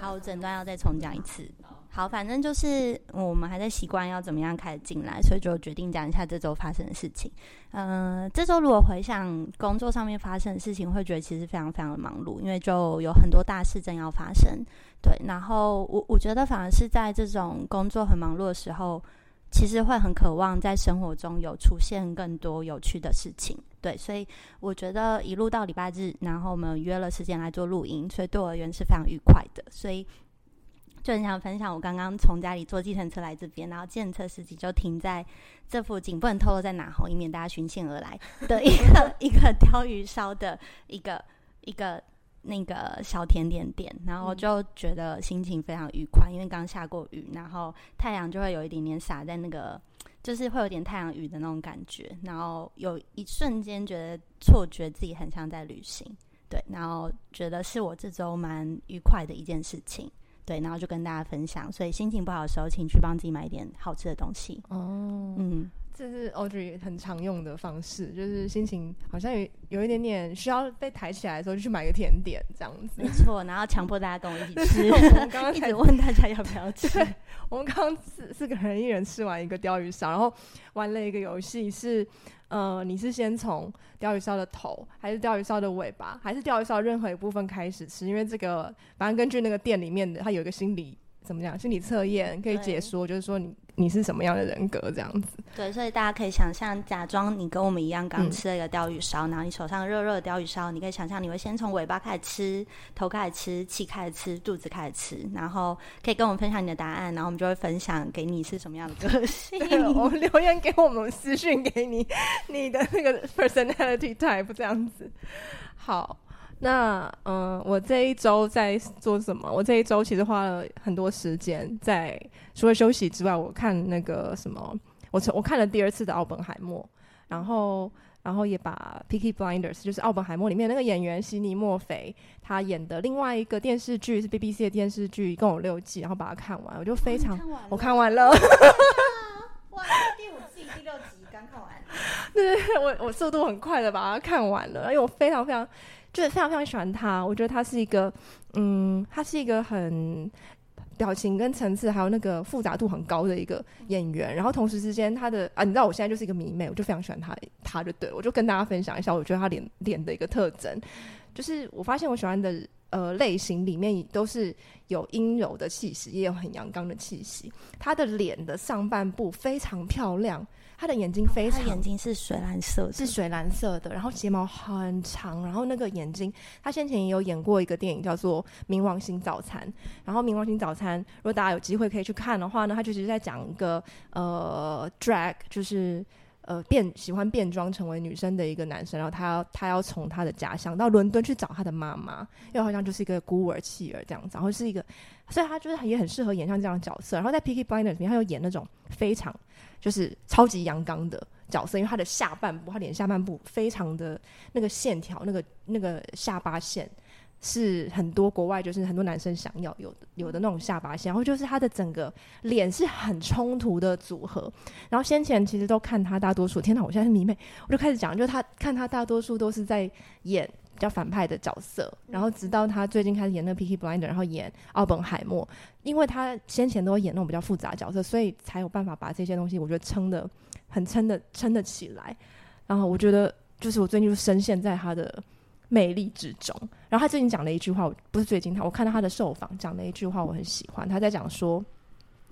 好，我診斷要再重講一次。好，反正就是、嗯、我們還在習慣要怎麼樣開始進來，所以就決定講一下這周發生的事情。嗯、呃，這周如果回想工作上面發生的事情，會覺得其實非常非常的忙碌，因為就有很多大事正要發生。對，然後我我覺得反而是在這種工作很忙碌的時候。其實會很渴望在生活中有出現更多有趣的事情，對，所以我覺得一路到禮拜日，然後我們約了時間來做錄音，所以對我而言是非常愉快的。所以就很想分享，我剛剛從家裡坐計程車來這邊，然後計程車司機就停在這附近，不能透露在哪，以免大家循線而來的一個， 一個，一個鯛魚燒的一個一個。那個小甜點店，然後就覺得心情非常愉快，嗯、因為剛下過雨，然後太陽就會有一點點灑在那個，就是會有點太陽雨的那種感覺，然後有一瞬間覺得錯覺自己很像在旅行，對，然後覺得是我這周蠻愉快的一件事情，對，然後就跟大家分享，所以心情不好的時候，請去幫自己買一點好吃的東西、哦、嗯。這是 Audrey 很常用的方式，就是心情好像有有一點點需要被抬起來的時候，就去買個甜點這樣子。沒錯，然後強迫大家跟我一起吃。我們剛剛才 問大家要不要吃，對，我們剛剛四四個人一人吃完一個鯛魚燒，然後玩了一個遊戲是，是呃，你是先從鯛魚燒的頭，還是鯛魚燒的尾巴，還是鯛魚燒的任何一部分開始吃？因為這個，反正根據那個店裡面的，他有一個心理。怎麼講？心理測驗可以解說，對就是說你你是什麼樣的人格這樣子。對，所以大家可以想象，假裝你跟我們一樣，剛吃了一個鯛魚燒，嗯、然後你手上熱熱的鯛魚燒，你可以想象你會先從尾巴開始吃，頭開始吃，鰭開始吃，肚子開始吃，然後可以跟我們分享你的答案，然後我們就會分享給你是什麼樣的個性。 我們留言給我們私訊給你，你的那個 personality type 這樣子。好。那嗯，我這一周在做什麼？我這一周其實花了很多時間在除了休息之外，我看那個什麼，我從我看了第二次的《奧本海默》，然後然後也把《Peaky Blinders》就是《奧本海默》裡面那個演員席尼·墨菲他演的另外一個電視劇是 BBC 的電視劇，一共有六季，然後把它看完，我就非常、啊、看我看完了。完了，第五季、 第六集剛看完。對，我我速度很快的把它看完了，因為我非常非常。就是非常非常喜歡他，我覺得他是一個，嗯，他是一個很表情跟層次還有那個複雜度很高的一個演員。嗯、然後同時之間，他的啊，你知道我現在就是一個迷妹，我就非常喜歡他，他就對，我就跟大家分享一下，我覺得他臉臉的一個特徵，就是我發現我喜歡的呃類型裡面都是有陰柔的氣息，也有很陽剛的氣息。他的臉的上半部非常漂亮。他的眼睛非常的，哦、他眼睛是水藍色，是水藍色的。然後睫毛很長，然後那個眼睛，他先前也有演過一個電影叫做《冥王星早餐》。然後《冥王星早餐》，如果大家有機會可以去看的話呢，他就是在講一個呃 drag，就是呃變喜歡變裝成為女生的一個男生。然後他要他要從他的家鄉到倫敦去找他的媽媽，又好像就是一個孤兒棄兒這樣子，然後是一個，所以他就是也很適合演像這樣的角色。然後在《Peaky Blinders》裡面，他又演那種非常。就是超級陽剛的角色，因為他的下半部，他臉下半部非常的那個線條，那個那個下巴線是很多國外就是很多男生想要有的有的那種下巴線，然後就是他的整個臉是很衝突的組合，然後先前其實都看他大多數，天哪，啊，我現在是迷妹，我就開始講，就他看他大多數都是在演。比較反派的角色，然後直到他最近開始演那《Peaky Blinders》，然後演奧本海默，因為他先前都演那種比較複雜角色，所以才有辦法把這些東西我覺得撐得很撐得撐得起來。然後我覺得就是我最近就深陷在他的魅力之中。然後他最近講了一句話，我不是最近他，我看到他的受訪講了一句話，我很喜歡。他在講說，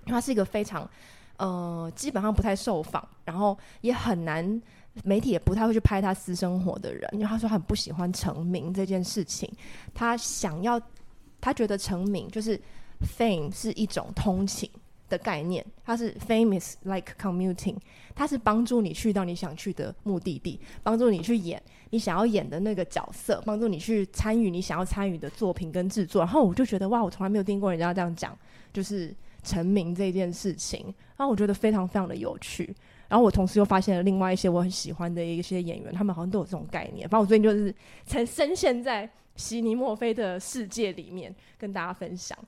他是一個非常呃，基本上不太受訪，然後也很難。媒體也不太會去拍他私生活的人，因為他說他很不喜歡成名這件事情。他想要，他覺得成名就是 fame 是一種通勤的概念，它是 famous like commuting，它是幫助你去到你想去的目的地，幫助你去演你想要演的那個角色，幫助你去參與你想要參與的作品跟制作。然後我就覺得哇，我從來沒有聽過人家這樣講，就是成名這件事情，然後我覺得非常非常的有趣。然後我同時又發現了另外一些我很喜歡的一些演員，他們好像都有這種概念。反正我最近就是曾深陷在席尼墨菲的世界裡面，跟大家分享。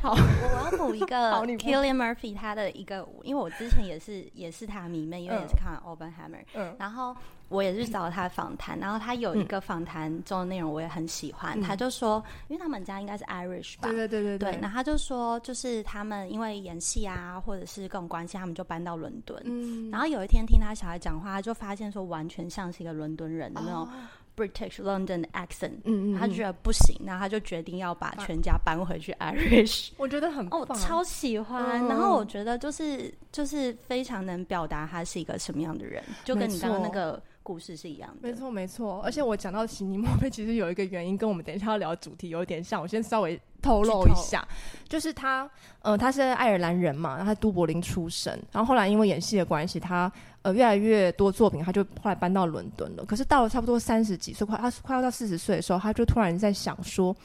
好，我要補一個 Cillian Murphy，他的一個，因為我之前也是 也是他迷妹，因為也是看了 Oppenheimer 嗯，嗯然後。我也是找他訪談，嗯、然後他有一個訪談中的內容我也很喜歡，嗯、他就說，因為他們家應該是 Irish 吧，對對對對對，那他就說，就是他們因為演戲啊，或者是各種關係，他們就搬到倫敦。嗯、然後有一天聽他小孩講話，他就發現說，完全像是一個倫敦人的、哦、那種 British London accent、哦、他就覺得不行，那他就決定要把全家搬回去 Irish。我覺得很棒哦，超喜歡。嗯、然後我覺得就是就是非常能表達他是一個什麼樣的人，就跟你剛剛那個。故事是一樣的沒，沒錯沒錯。而且我講到席尼墨菲其實有一個原因，跟我們等一下要聊的主題有點像，我先稍微透露一下，劇透。就是他，呃，他是愛爾蘭人嘛，然後他是都柏林出生，然後後來因為演戲的關係，他呃越來越多作品，他就後來搬到倫敦了。可是到了差不多三十幾歲快，他快要到四十歲的時候，他就突然在想說，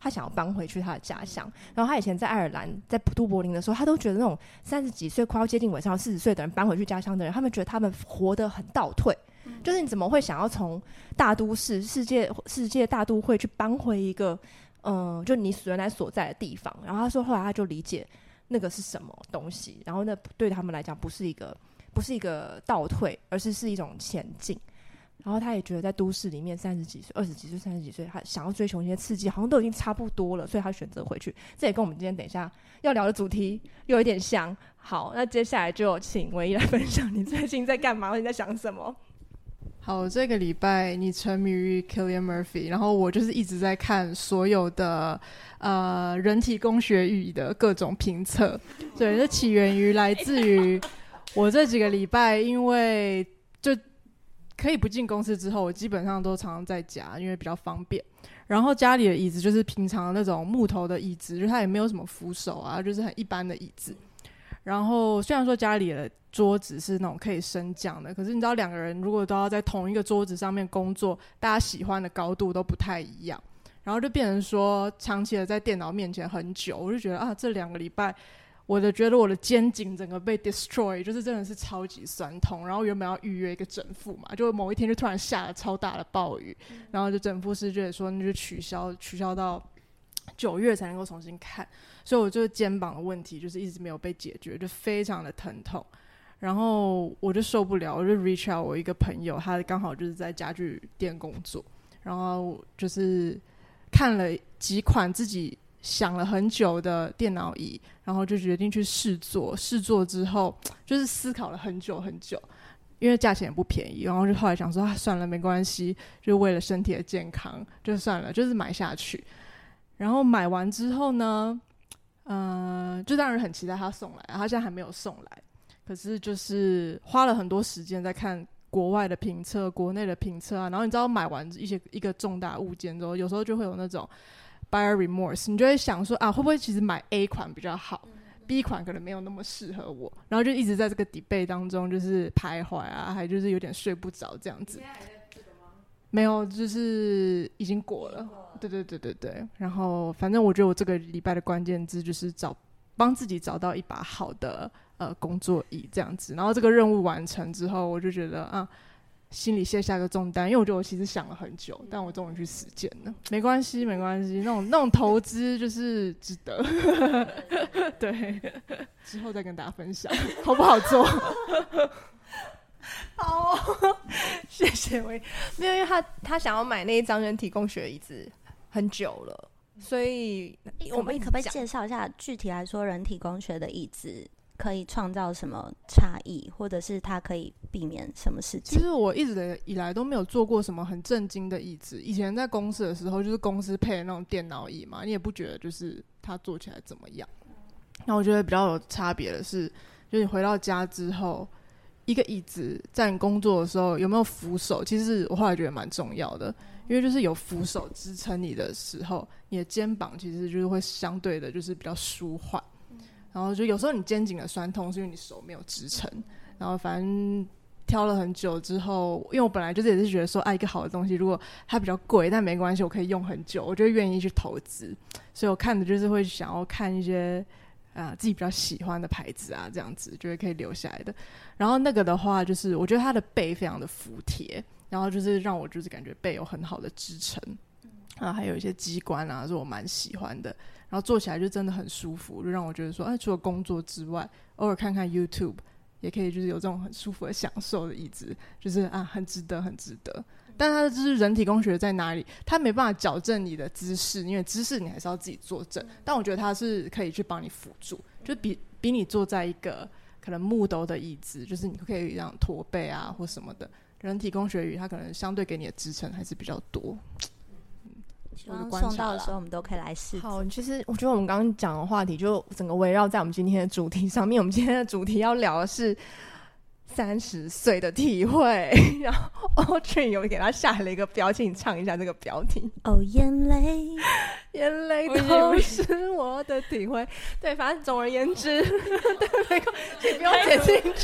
他想要搬回去他的家鄉。然後他以前在愛爾蘭，在都柏林的時候，他都覺得那種三十幾歲快要接近尾聲、四十歲的人搬回去家鄉的人，他們覺得他們活得很倒退。就是你怎麼會想要從大都市、世界、世界大都會去搬回一個，嗯、呃，就你原來所在的地方？然後他說，後來他就理解那個是什麼東西，然後那對他們來講，不是一個，不是一個倒退，而是是一種前進。然後他也覺得，在都市裡面，三十幾歲、二十幾歲、三十幾歲，他想要追求一些刺激，好像都已經差不多了，所以他選擇回去。這也跟我們今天等一下要聊的主題又有一點像。好，那接下來就請唯一來分享你最近 在幹嘛，你在想什麼。好，這個禮拜你沉迷於 Cillian Murphy，然後我就是一直在看所有的呃人體工學椅的各種評測。哦、對，這起源於來自於我這幾個禮拜，因為就可以不進公司之後，我基本上都常常在家，因為比較方便。然後家裡的椅子就是平常那種木頭的椅子，就它也沒有什麼扶手啊，就是很一般的椅子。然後雖然說家裡的桌子是那種可以升降的，可是你知道兩個人如果都要在同一個桌子上面工作，大家喜歡的高度都不太一樣，然後就變成說長期的在電腦面前很久，我就覺得啊，這兩個禮拜我就覺得我的肩頸整個被 destroy，就是真的是超級酸痛。然後原本要預約一個整復嘛，就某一天就突然下了超大的暴雨，嗯、然後就整復師就說那就取消取消到，九月才能夠重新看，所以我就肩膀的問題就是一直沒有被解決，就非常的疼痛，然後我就受不了，我就 reach out 我一個朋友，他剛好就是在家具店工作，然後就是看了幾款自己想了很久的電腦椅，然後就決定去試坐，試坐之後就是思考了很久很久，因為價錢也不便宜，然後就後來想說，啊，算了沒關係，就為了身體的健康就算了，就是買下去。然後買完之後呢，呃，就讓人很期待他送來，啊。他現在還沒有送來，可是就是花了很多時間在看國外的評測、國內的評測啊。然後你知道買完一些一個重大物件之後，有時候就會有那種 buyer remorse，你就會想說啊，會不會其實買 A 款比較好、嗯嗯、B 款可能沒有那麼適合我？然後就一直在這個 debate 當中，就是徘徊啊，還就是有點睡不着這樣子。沒有，就是已經過了。哦對對對對對，然後反正我覺得我這個禮拜的關鍵字就是找幫自己找到一把好的呃工作椅，這樣子，然後這個任務完成之後，我就覺得啊，心裡卸下個重擔，因為我覺得我其實想了很久，但我終於去實踐了，沒關係沒關係，那種那種投資就是值得， 對，之後再跟大家分享 好不好做？好、哦， 謝謝我，沒有，因為他他想要買那一張人體工學椅子。很久了，所以我們可不可以介紹一下，具體來說，人體工學的椅子可以創造什麼差異，或者是它可以避免什麼事情？其實我一直以來都沒有坐過什麼很正經的椅子。以前在公司的時候，就是公司配的那種電腦椅嘛，你也不覺得就是它坐起來怎麼樣。那我覺得比較有差別的是，就是你回到家之後，一個椅子在你工作的時候有沒有扶手，其實我後來覺得蠻重要的。因為就是有扶手支撐你的時候，你的肩膀其實就是會相對的，就是比較舒緩。然後就有時候你肩頸的酸痛是因為你手沒有支撐。然後反正挑了很久之後，因為我本來就是也是覺得說，哎、啊，一個好的東西如果它比較貴，但沒關係，我可以用很久，我就願意去投資。所以我看的就是會想要看一些啊、呃，自己比較喜歡的牌子啊，這樣子覺得可以留下來的。然後那個的話，就是我覺得它的背非常的服帖。然後就是讓我就是感覺背有很好的支撐，啊，還有一些機關啊，是我蠻喜歡的。然後坐起來就真的很舒服，就讓我覺得說，哎，除了工作之外，偶爾看看 YouTube 也可以，就是有這種很舒服的享受的椅子，就是啊，很值得，很值得。但它的就是人體工學在哪裡？它沒辦法矯正你的姿勢，因為姿勢你還是要自己坐正。但我覺得它是可以去幫你輔助，就比比你坐在一個可能木頭的椅子，就是你可以讓駝背啊或什麼的。人體工學椅，它可能相對給你的支撐還是比較多。嗯，剛送到的時候我們都可以來試。好，其實我覺得我們剛剛講的話題就整個圍繞在我們今天的主題上面。我們今天的主題要聊的是三十歲的體會。然後 Audrey 有給他下了一個標題， 唱一下這個標題。哦、oh,， 眼淚，眼淚都是我的體會。對，反正總而言之， 對，沒關係，多不要寫進去。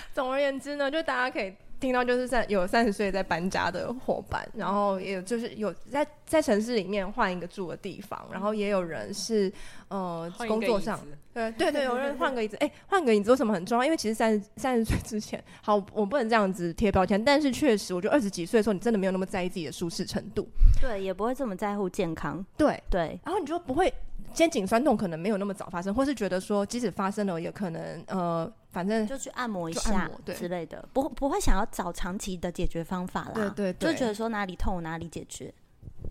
總而言之呢，就大家可以聽到，就是在有三十歲在搬家的夥伴，然後也就是有在在城市裡面換一個住的地方，然後也有人是呃工作上，對對對，有人換個椅子，哎、 欸，換個椅子為什麼很重要？因為其實三十三十歲之前，好，我不能這樣子貼標籤，但是確實，我覺得二十幾歲的時候，你真的沒有那麼在意自己的舒適程度，對，也不會這麼在乎健康，對對，對然後你就不會。肩頸痠痛可能沒有那麼早發生，或是覺得說即使發生了，也可能呃，反正就去按摩一下，對之類的，不不會想要找長期的解決方法啦。對，對對，就覺得說哪裡痛哪裡解決。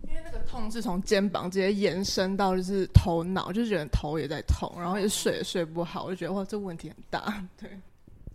因為那個痛是從肩膀直接延伸到就是頭腦，就覺得頭也在痛，然後也睡也睡不好，我就覺得哇，這問題很大。對，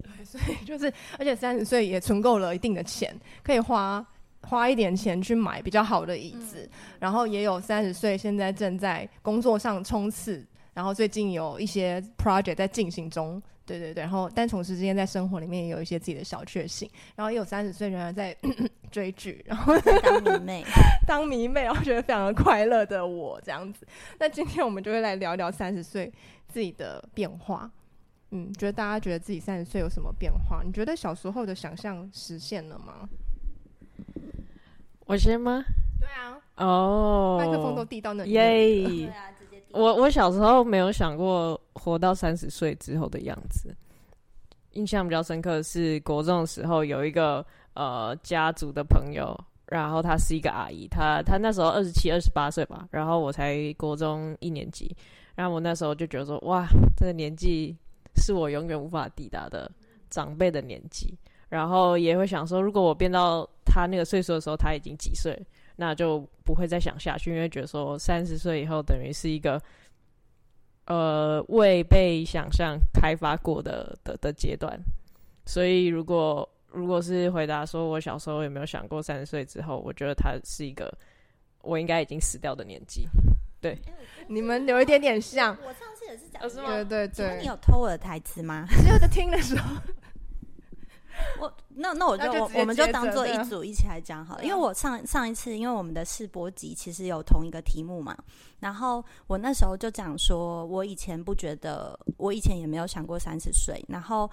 對所以就是而且三十歲也存夠了一定的錢，可以花。花一點錢去買比較好的椅子，嗯、然後也有三十歲，現在正在工作上衝刺，然後最近有一些 project 在進行中，對對對，然後但同時之間在生活裡面也有一些自己的小確幸，然後也有三十歲仍然在咳咳追劇，然後當迷妹， 當迷妹，然後覺得非常的快樂的我這樣子。那今天我們就會來聊聊三十歲自己的變化，嗯，覺得大家覺得自己三十歲有什麼變化？你覺得小時候的想象實現了嗎？我先嗎？對啊，哦，麥克風都遞到那耶！Yeah. 啊、我我小時候沒有想過活到三十歲之後的樣子，印象比較深刻的是國中的時候有一個呃家族的朋友，然後他是一個阿姨，他他那時候二十七二十八歲吧，然後我才國中一年級，然後我那時候就覺得說哇，這個年紀是我永遠無法抵達的、嗯、長輩的年紀。然後也會想說，如果我變到他那個歲數的時候，他已經幾歲，那就不會再想下去，因為覺得說三十歲以後等於是一個呃未被想象開發過的的的階段。所以，如果如果是回答說我小時候有沒有想過三十歲之後，我覺得他是一個我應該已經死掉的年紀。對，欸，你們有一點點像。我上次也是講。啊，是嗎？對對對。你有偷我的台詞嗎？只有在聽的時候。我那那我就，那就直接接著呢。我我們就當做一組一起來講好了，對因為我上上一次因為我們的試播集其實有同一個題目嘛，然後我那時候就講說，我以前不覺得，我以前也沒有想過三十歲，然後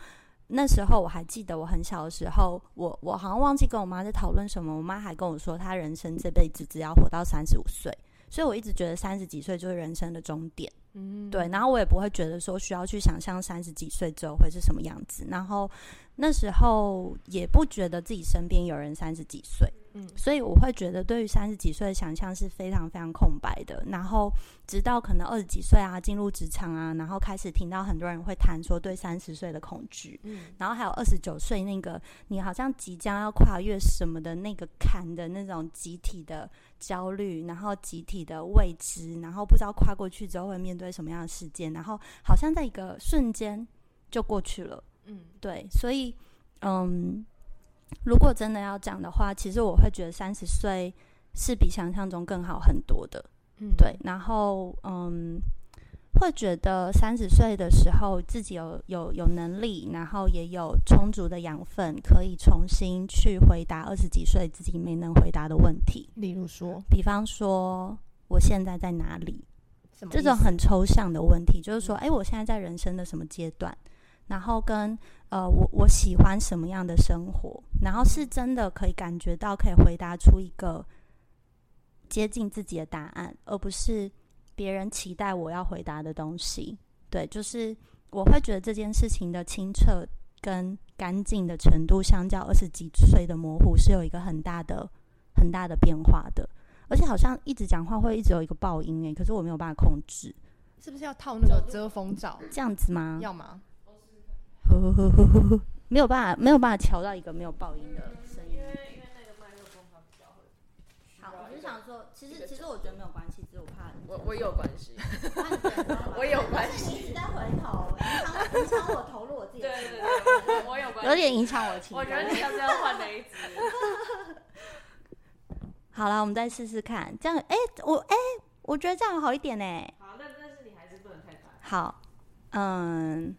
那時候我還記得我很小的時候，我我好像忘記跟我媽在討論什麼，我媽還跟我說她人生這輩子只要活到三十五歲，所以我一直覺得三十幾歲就是人生的終點。嗯， 對，然後我也不會覺得說需要去想象三十幾歲之後會是什麼樣子，然後那時候也不覺得自己身邊有人三十幾歲。嗯，所以我會覺得，對於三十幾歲的想象是非常非常空白的。然後直到可能二十幾歲啊，進入職場啊，然後開始聽到很多人會談說對三十歲的恐懼，嗯，然後還有二十九歲那個你好像即將要跨越什麼的那個坎的那種集體的焦慮，然後集體的未知，然後不知道跨過去之後會面對什麼樣的事件，然後好像在一個瞬間就過去了，嗯，對，所以嗯。如果真的要講的話，其實我會覺得三十歲是比想象中更好很多的，嗯，對。然後，嗯，會覺得三十歲的時候自己有有有能力，然後也有充足的養分，可以重新去回答二十幾歲自己沒能回答的問題。例如說，比方說，我現在在哪裡？什麼這種很抽象的問題，就是說，哎、欸，我現在在人生的什麼階段？然後跟呃，我我喜歡什麼樣的生活？然後是真的可以感覺到，可以回答出一個接近自己的答案，而不是別人期待我要回答的東西。對，就是我會覺得這件事情的清澈跟乾淨的程度，相較二十幾歲的模糊，是有一個很大的很大的變化的。而且好像一直講話會一直有一個爆音誒，可是我沒有辦法控制。是不是要套那個遮風罩這樣子嗎？要嗎？沒有辦法，沒有辦法調到一個沒有爆音的聲音。好，我就想說，其實其實我覺得沒有關係，只有怕我我有關係。我有關係。你一直在回頭，影響影響我投入我自己。對對對，我有關係。有點影響我情緒。我覺得你就是要換那一支。好了，我們再試試看，這樣哎，我哎，我覺得這樣好一點呢。好，嗯。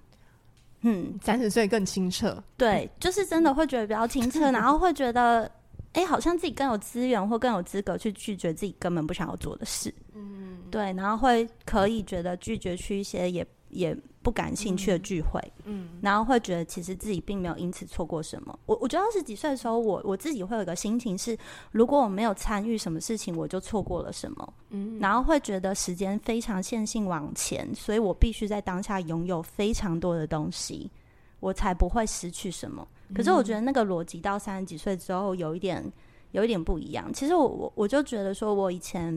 嗯，三十歲更清澈，對，就是真的會覺得比較清澈，嗯、然後會覺得，哎、欸，好像自己更有資源或更有資格去拒絕自己根本不想要做的事，嗯，對，然後會可以覺得拒絕去一些也。也不感興趣的聚會，嗯，嗯，然後會覺得其實自己並沒有因此錯過什麼。我我覺得二十幾歲的時候，我我自己會有一個心情是，如果我沒有參與什麼事情，我就錯過了什麼，嗯，然後會覺得時間非常線性往前，所以我必須在當下擁有非常多的東西，我才不會失去什麼。嗯、可是我覺得那個邏輯到三十幾歲之後，有一點有一點不一樣。其實我我我就覺得說，我以前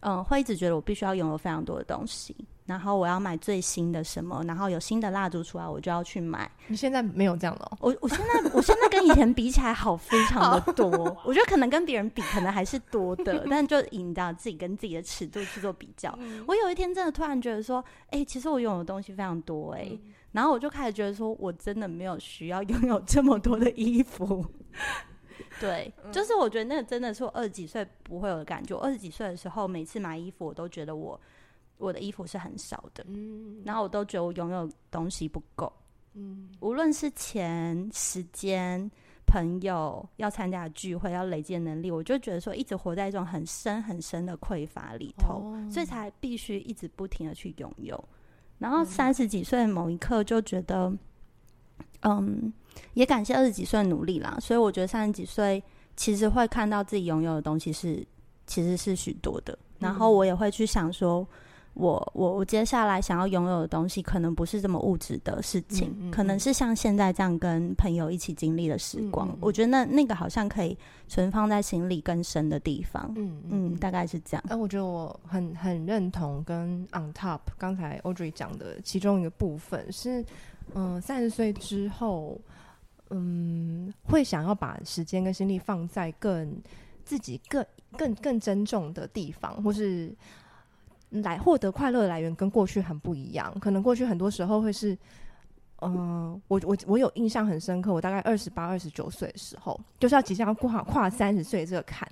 嗯、呃、會一直覺得我必須要擁有非常多的東西。然後我要買最新的什麼？然後有新的蠟燭出來，我就要去買。你現在沒有這樣了、哦？我我現在我現在跟以前比起來好非常的多。 好我覺得可能跟別人比，可能還是多的， 但就引到自己跟自己的尺度去做比較。嗯、我有一天真的突然覺得說，哎、欸，其實我擁有的東西非常多哎、欸。嗯、然後我就開始覺得說，我真的沒有需要擁有這麼多的衣服。 對，嗯、就是我覺得那個真的是我二十幾歲不會有的感覺。我二十幾歲的時候，每次買衣服，我都覺得我。我的衣服是很少的，嗯，然後我都覺得我擁有東西不夠，嗯，無論是錢、時間、朋友，要參加的聚會，要累積的能力，我就覺得說一直活在一種很深很深的匱乏裡頭，哦、所以才必須一直不停的去擁有。然後三十幾歲的某一刻就覺得，嗯，嗯，也感謝二十幾歲的努力啦，所以我覺得三十幾歲其實會看到自己擁有的東西是其實是許多的，嗯、然後我也會去想說。我我我接下來想要擁有的東西，可能不是這麼物質的事情，嗯嗯嗯，可能是像現在這樣跟朋友一起經歷的時光。嗯嗯嗯，我覺得那那個好像可以存放在心裡更深的地方。嗯嗯，嗯，嗯，大概是這樣。哎、啊，我覺得我很很認同跟 On Top 剛才 Audrey 講的其中一個部分是，嗯、呃，三十歲之後，嗯，會想要把時間跟精力放在更自己更更更，更珍重的地方，或是。來獲得快樂的來源跟過去很不一樣。可能過去很多時候會是，嗯、呃，我我我有印象很深刻，我大概二十八、二十九歲的時候，就是要即將跨跨三十歲這個坎。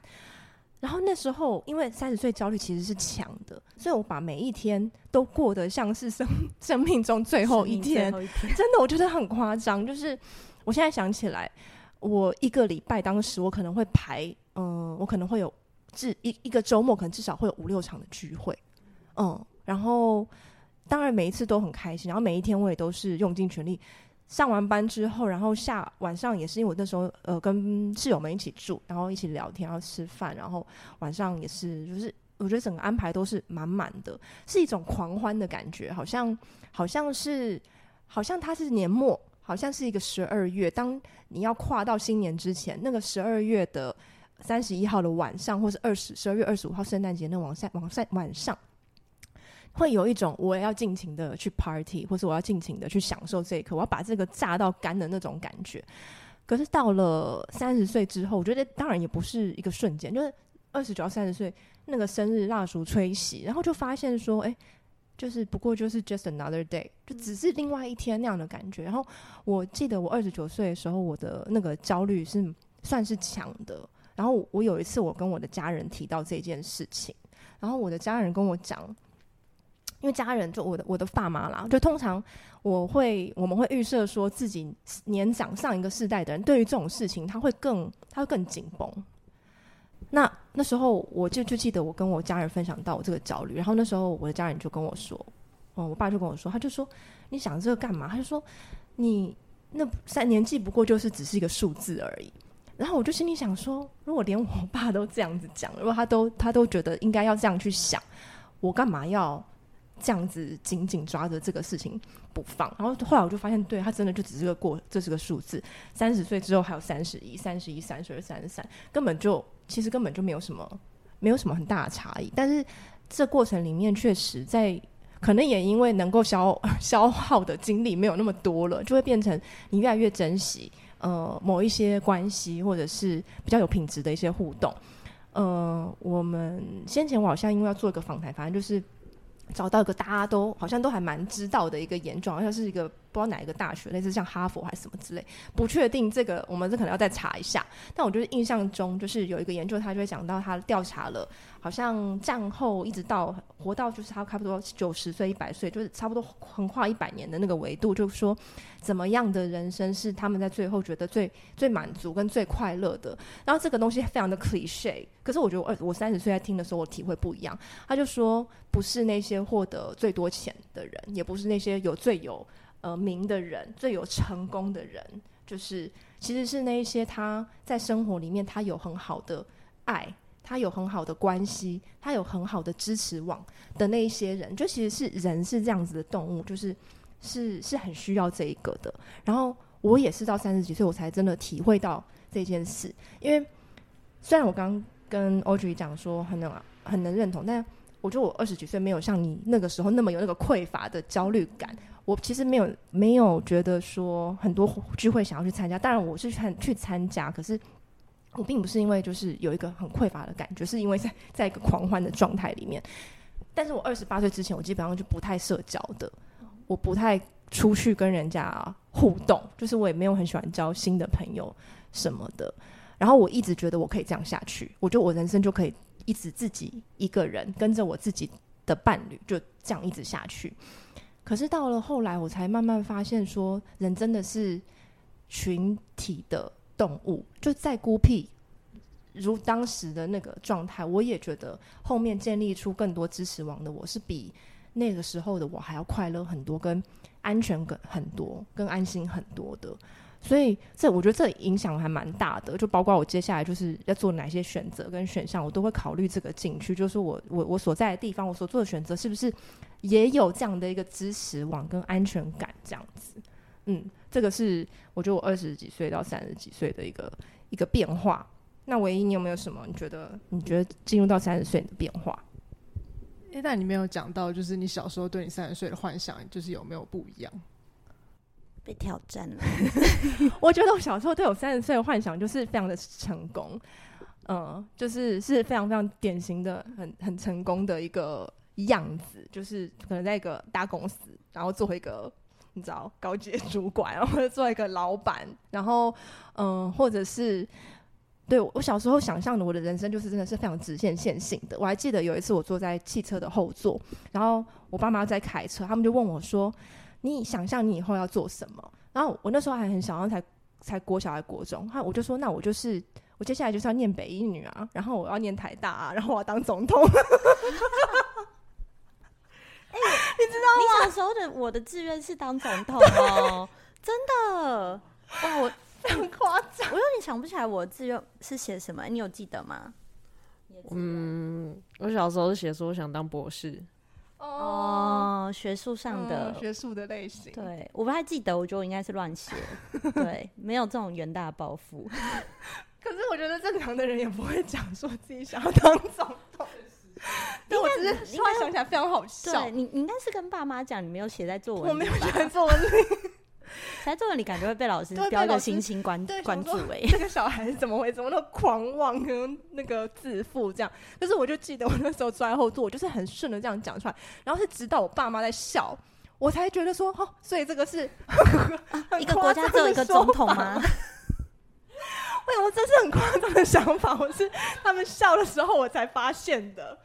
然後那時候因為三十歲焦慮其實是強的，所以我把每一天都過得像是生生命中最後一天，一天真的，我覺得很誇張。就是我現在想起來，我一個禮拜當時我可能會排，嗯、呃，我可能會有至一一個周末可能至少會有五六場的聚會。嗯，然後當然每一次都很開心，然後每一天我也都是用盡全力。上完班之後，然後下，晚上也是，因為我那時候呃跟室友們一起住，然後一起聊天，然後吃飯，然後晚上也是，就是我覺得整個安排都是滿滿的，是一種狂歡的感覺，好像好像是好像它是年末，好像是一個十二月，當你要跨到新年之前，那個十二月的三十一號的晚上，或是二十十二月二十五號聖誕節的那晚上晚上晚上。會有一種我也要盡情的去 party，或是我要盡情的去享受這一刻，我要把這個榨到乾的那種感覺。可是到了三十歲之後，我覺得當然也不是一個瞬間，就是二十九到三十歲那個生日蠟燭吹熄，然後就發現說，哎，就是不過就是 just another day，就只是另外一天那樣的感覺。然後我記得我二十九歲的時候，我的那個焦慮是算是強的。然後我有一次我跟我的家人提到這件事情，然後我的家人跟我講。因為家人，就我的我的爸媽啦，就通常我會我們會預設說，自己年長上一個世代的人，對於這種事情，他會更他會更緊繃。那那時候我就就記得我跟我家人分享到我這個焦慮，然後那時候我的家人就跟我說，哦，我爸就跟我說，他就說，你想這個幹嘛？他就說你那三年紀不過就是只是一個數字而已。然後我就心裡想說，如果連我爸都這樣子講，如果他都他都覺得應該要這樣去想，我干嘛要？這樣子緊緊抓着這個事情不放，然後後來我就發現，對他真的就只是個過，這是個數字。三十歲之後還有三十一、三十一、三十二、三十三，根本就其實根本就沒有什麼，沒有什麼很大的差異。但是這過程裡面，確實在可能也因為能夠消消耗的精力沒有那麼多了，就會變成你越來越珍惜呃某一些關係，或者是比較有品質的一些互動。呃，我們先前我好像因為要做一個訪談，反正就是。找到一個大家都好像都還蠻知道的一個顏狀，好像是一個。不知道哪一個大學，類似像哈佛還是什麼之類，不確定這個，我們這可能要再查一下。但我覺得印象中，就是有一個研究，他就會講到他調查了，好像戰後一直到活到就是差差不多九十歲、一百歲，就是差不多橫跨一百年的那個維度，就是說怎麼樣的人生是他們在最後覺得最最滿足跟最快樂的。然後這個東西非常的 cliche，可是我覺得我二我三十歲在聽的時候，我體會不一樣。他就說，不是那些獲得最多錢的人，也不是那些有最有呃，名的人，最有成功的人，就是其實是那一些他在生活裡面他有很好的愛，他有很好的關係，他有很好的支持網的那一些人，就其實是人是這樣子的動物，就是是是很需要這一個的。然後我也是到三十幾歲，我才真的體會到這件事，因為雖然我剛跟 Audrey 講說很能很能認同，但我覺得我二十幾歲沒有像你那個時候那麼有那個匱乏的焦慮感。我其實沒有沒有覺得說很多聚會想要去參加，當然我是去去參加，可是我並不是因為就是有一個很匱乏的感覺，是因為在在一個狂歡的狀態裡面。但是我二十八歲之前，我基本上就不太社交的，我不太出去跟人家、啊、互動，就是我也沒有很喜歡交新的朋友什麼的。然後我一直覺得我可以這樣下去，我覺得我人生就可以一直自己一個人跟着我自己的伴侶，就這樣一直下去。可是到了後來，我才慢慢發現，說人真的是群體的動物。就再孤僻，如當時的那個狀態，我也覺得後面建立出更多支持網的，我是比那個時候的我還要快樂很多、跟安全感很多、跟安心很多的。所以這我覺得這影響還蠻大的。就包括我接下來就是要做哪些選擇跟選項，我都會考慮這個進去。就是我我我所在的地方，我所做的選擇是不是？也有這樣的一個支持網，跟安全感，這樣子，嗯，這個是我覺得我二十幾歲到三十幾歲的一個一個變化。那唯一你有沒有什麼？你覺得你覺得進入到三十歲的變化？欸，但你沒有講到，就是你小時候對你三十歲的幻想，就是有沒有不一樣？被挑戰了。 我覺得我小時候對我三十歲的幻想就是非常的成功，嗯、呃，就是是非常非常典型的，很很成功的一個。樣子就是可能在一個大公司，然後做回一個你知道高級主管，或者做一個老闆，然後嗯，或者是對我小時候想象的我的人生就是真的是非常直線線性的。我還記得有一次我坐在汽車的後座，然後我爸媽在開車，他們就問我說：“你想象你以後要做什麼？”然後我那時候還很想要才才國小還國中，我就說：“那我就是我接下來就是要念北一女啊，然後我要念台大啊，然後我要當總統。” 我的我的志願是當總統哦、喔，對真的哇，我很誇張、嗯。我有點想不起來我的志願是寫什麼、欸，你有記得嗎？嗯，我小時候是寫說我想當博士哦，學術上的學術的類型。對，我不太記得，我覺得我應該是亂寫。 對，沒有這種遠大抱負。 可是我覺得正常的人也不會講說自己想要當總。 對，你我真是突然想起來非常好笑。你你，你應該是跟爸媽講，你沒有寫在作文、文裡，我沒有寫在作文裡。寫在作文裡感覺會被老師標對一個星星關關注。哎，這個小孩是怎麼回事？那麼都狂妄跟那個自負，這樣。但是我就記得我那時候坐在後座，我就是很順的這樣講出來，然後是直到我爸媽在笑，我才覺得說，哦，所以這個是、啊啊、是一個國家只有一個總統嗎？爸媽 我有，麼這是很誇張的想法？我是他們笑的時候我才發現的。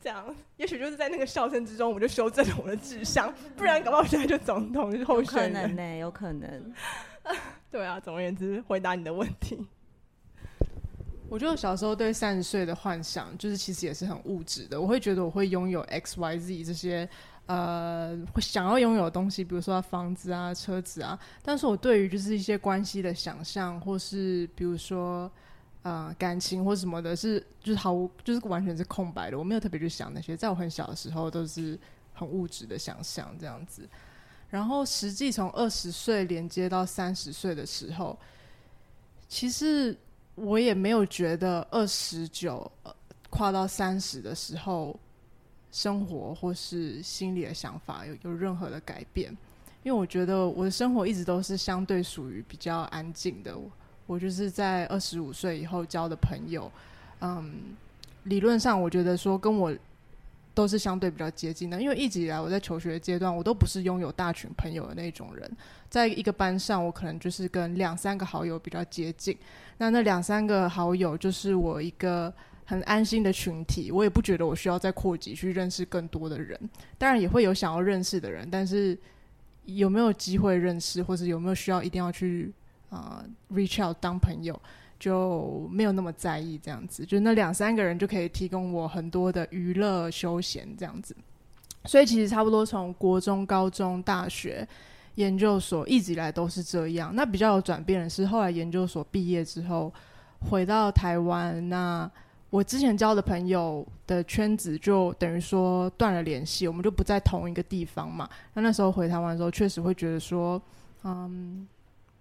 這樣，也許就是在那個笑聲之中，我就修正了我的志向。 不然搞不好我現在就總統就是候選人呢。欸，有可能。 對啊，總而言之，回答你的問題。我覺得我小時候對三十歲的幻想，就是其實也是很物質的，我會覺得我會擁有 x y z 這些呃想要擁有的東西，比如說房子啊、車子啊。但是我對於就是一些關係的想象，或是比如說。啊、呃，感情或什麼的是，是就是毫無，就是完全是空白的。我沒有特別去想那些，在我很小的時候都是很物質的想象這樣子。然後，實際從二十歲連接到三十歲的時候，其實我也沒有覺得二十九，呃，跨到三十的時候，生活或是心理的想法有有任何的改變。因為我覺得我的生活一直都是相對屬於比較安靜的。我就是在二十五歲以後交的朋友，嗯，理論上我覺得說跟我都是相對比較接近的，因為一直以來我在求學階段，我都不是擁有大群朋友的那種人。在一個班上，我可能就是跟兩三個好友比較接近，那那兩三個好友就是我一個很安心的群體，我也不覺得我需要再擴及去認識更多的人。當然也會有想要認識的人，但是有沒有機會認識，或是有沒有需要一定要去啊、uh，reach out 當朋友就沒有那麼在意，這樣子，就那兩三個人就可以提供我很多的娛樂休閒，這樣子。所以其實差不多從國中、高中、大學、研究所一直以來都是這樣。那比較有轉變的是後來研究所畢業之後回到台灣。那我之前交的朋友的圈子就等於說斷了聯繫，我們就不在同一個地方嘛。那那時候回台灣的時候，確實會覺得說，嗯。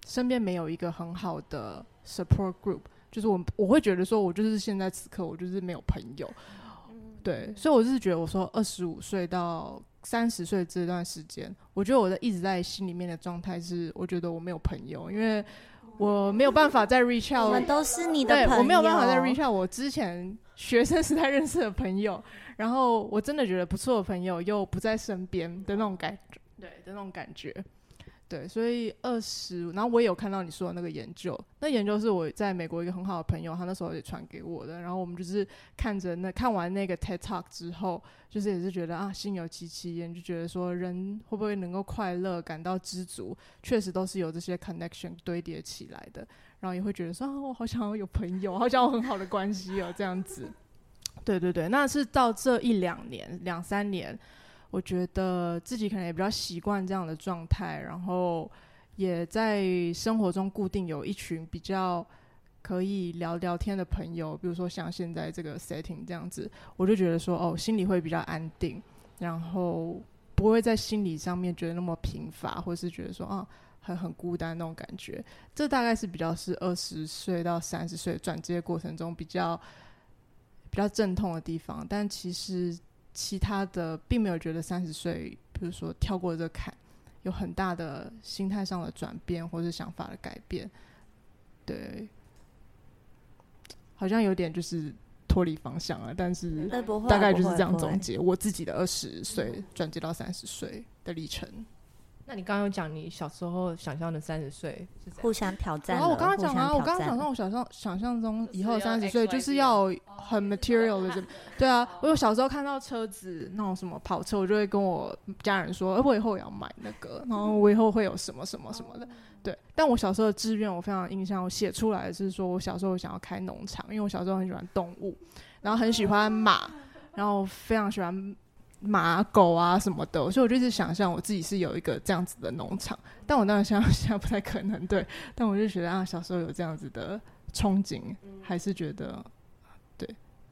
身邊沒有一個很好的 support group，就是我，我會覺得說，我就是現在此刻，我就是沒有朋友，對，所以我是覺得，我說二十五歲到三十歲這段時間，我覺得我在一直在心裡面的狀態是，我覺得我沒有朋友，因為我沒有辦法再 reach out， 我們都是你的朋友，對，我沒有辦法再 reach out，我之前學生時代認識的朋友，然後我真的覺得不錯的朋友又不在身邊的那種感覺，對，的那種感覺。對，所以二十，然後我也有看到你說的那個研究，那研究是我在美國一個很好的朋友，他那時候也傳給我的，然後我們就是看着那看完那個 TED Talk 之後，就是也是覺得啊，心有戚戚焉，就覺得說人會不會能夠快樂、感到知足，確實都是有這些 connection 堆疊起來的，然後也會覺得說，啊，我好想要有朋友，好想要很好的關係哦，這樣子。對對對，那是到這一兩年、兩三年。我覺得自己可能也比較習慣這樣的狀態，然後也在生活中固定有一群比較可以聊聊天的朋友，比如說像現在這個 setting 這樣子，我就覺得說哦，心裡會比較安定，然後不會在心理上面覺得那麼貧乏，或是覺得說啊，很很孤單那種感覺。這大概是比較是二十歲到三十歲轉接的過程中比較比較陣痛的地方，但其實。其他的並沒有覺得三十歲，比如說跳過這個坎，有很大的心態上的轉變或者想法的改變，對，好像有點就是脫離方向了，但是大概就是這樣總結我自己的二十歲轉接到三十歲的歷程。那你剛剛有講，你小時候想象的三十歲是互相挑戰，然後我剛剛講啊，我剛剛想象我想象想象中以後三十歲就是要很 material 的，對，對啊，好我有小時候看到車子那種什麼跑車，我就會跟我家人說，欸、我以後也要買那個，然後我以後會有什麼什麼什麼的，嗯、對，但我小時候的志願我非常印象，我寫出來的是說我小時候想要開農場，因為我小時候很喜歡動物，然後很喜歡馬，哦、然後非常喜歡。馬狗啊什麼的，所以我就一直想象我自己是有一個這樣子的農場。但我當然想想不太可能，對。但我就覺得啊，小時候有這樣子的憧憬，還是覺得，對，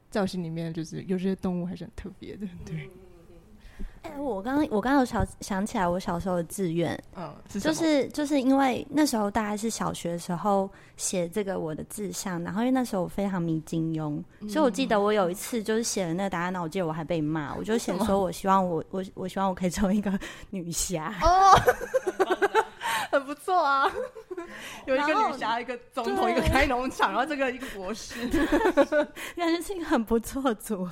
在我心裡面，就是有些動物還是很特別的，對。我剛我剛有想想起來我小時候的志願，嗯、哦，是就是就是因為那時候大概是小學的時候寫這個我的志向，然後因為那時候我非常迷金庸，嗯、所以我記得我有一次就是寫了那個答案，我記得我還被罵，我就寫說我希望我麼我我希望我可以成為一個女俠。哦 很不錯啊， 有一個女俠，一個總統，一個開農場，然後，然後這個一個博士，感覺對 是一個很不錯組合。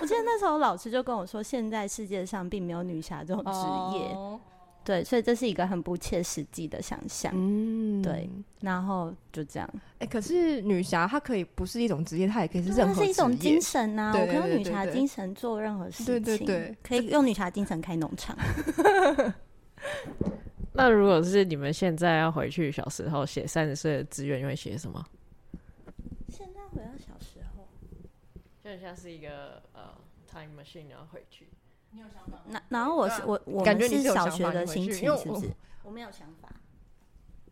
我記得那時候老師就跟我說，現在世界上並沒有女俠這種職業，對，所以這是一個很不切實際的想象嗯，對，然後就這樣。哎，可是女俠她可以不是一種職業，她也可以是任何一種精神啊。我可以用女俠精神做任何事情，對對對，可以用女俠精神開農場。那如果是你們現在要回去小時候寫三十歲的志願，你會寫什麼？現在回到小時候，就很像是一個呃、uh，time machine，然後回去。你有想法嗎？那然後我是，我我，感覺，啊，我，你是小學的心情是不是？我沒有想法。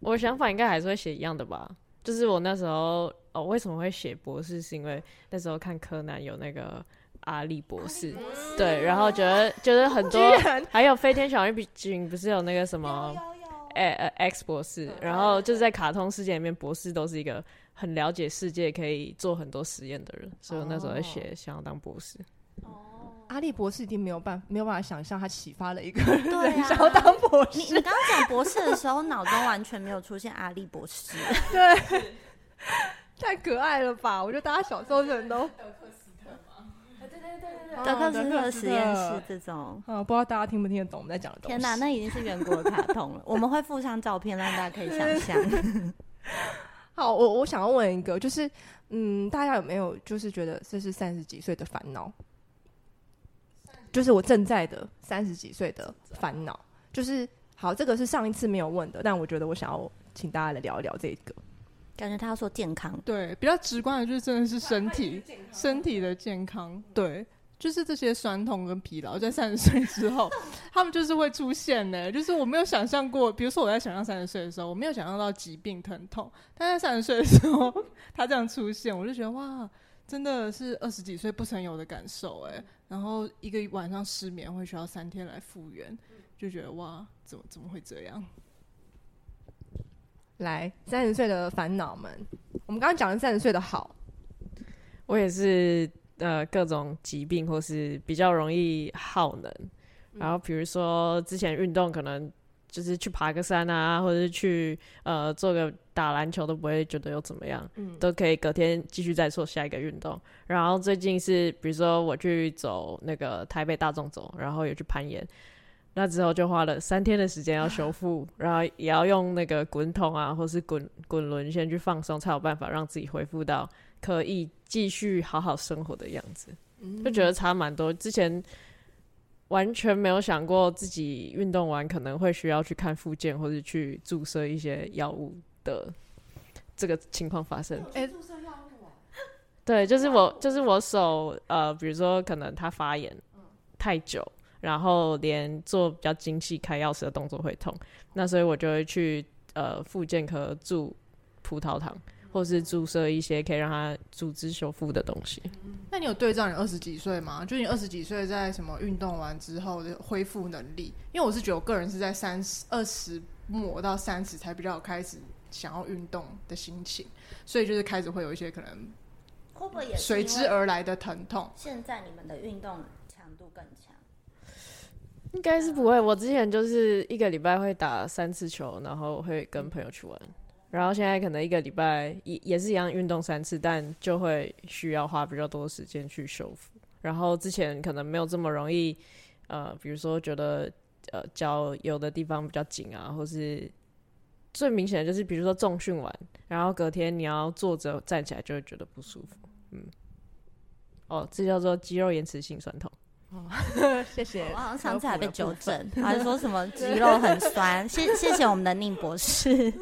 我想法應該還是會寫一樣的吧。就是我那時候哦，為什麼會寫博士？是因為那時候看柯南有那個。阿力博士，對，然後覺得覺得很多，還有飛天小女警不是有那個什麼，哎 x 博士，然後就是在卡通世界裡面，博士都是一個很了解世界，可以做很多實驗的人，所以那時候在寫想要當博士。哦，阿力博士一定沒有辦沒有辦法想象，他啟發了一個想要當博士。你你剛剛講博士的時候，腦中完全沒有出現阿力博士，對，太可愛了吧？我覺得大家小時候人都。對，對對對，德克斯特的實驗室、哦、這種，嗯，不知道大家聽不聽得懂我們在講的東西。天哪，那已經是原國的卡通了。 我們會附上照片 讓大家可以想象。 對 好，我我想要問一個，就是，嗯，大家有沒有就是覺得這是三十幾歲的煩惱？就是我正在的三十幾歲的煩惱。就是好，這個是上一次沒有問的，但我覺得我想要請大家來聊一聊這一個。感覺他說健康，對，比較直觀的就是真的是身體，啊、身體的健康，嗯、對，就是這些酸痛跟疲勞，在三十歲之後，嗯、他們就是會出現呢。就是我沒有想象過，比如說我在想象三十歲的時候，我沒有想象到疾病疼痛，但在三十歲的時候， 他這樣出現，我就覺得哇，真的是二十幾歲不曾有的感受哎。然後一個晚上失眠會需要三天來復原，就覺得哇，怎麼怎麼會這樣？來三十歲的煩惱們，我們剛剛講了三十歲的好。我也是呃各種疾病，或是比較容易耗能，嗯、然後比如說之前運動可能就是去爬個山啊，或者是去呃做個打籃球都不會覺得有怎麼樣，嗯、都可以隔天繼續再做下一個運動。然後最近是比如說我去走那個台北大縱走，然後也去攀岩。那之後就花了三天的時間要修復，啊、然後也要用那個滾筒啊，或是滾滾輪先去放鬆，才有辦法讓自己恢復到可以繼續好好生活的樣子。就覺得差蠻多，之前完全沒有想過自己運動完可能會需要去看復健，或者去注射一些藥物的這個情況發生。哎，注射藥物、啊欸？對，就是我，就是我手，呃，比如說可能它發炎太久。然後連做比較精細開鑰匙的動作會痛，那所以我就會去呃、復健科注葡萄糖，或是注射一些可以讓他組織修復的東西。那你有對照你二十幾歲嗎？就你二十幾歲在什麼運動完之後的恢復能力？因為我是覺得我個人是在三十二十抹，到三十才比較開始想要運動的心情，所以就是開始會有一些可能，會不會也隨之而來的疼痛？現在你們的運動強度更強。應該是不會，我之前就是一個禮拜會打三次球，然後會跟朋友去玩，然後現在可能一個禮拜一也是一樣運動三次，但就會需要花比較多的時間去修復。然後之前可能沒有這麼容易，呃，比如說覺得呃腳有的地方比較緊啊，或是最明顯的就是比如說重訓完，然後隔天你要坐着站起來就會覺得不舒服，嗯，哦，這叫做肌肉延遲性酸痛。哦、謝謝，我好像想起來被糾正，還是說什麼肌肉很酸。謝 對謝謝我們的寧博士。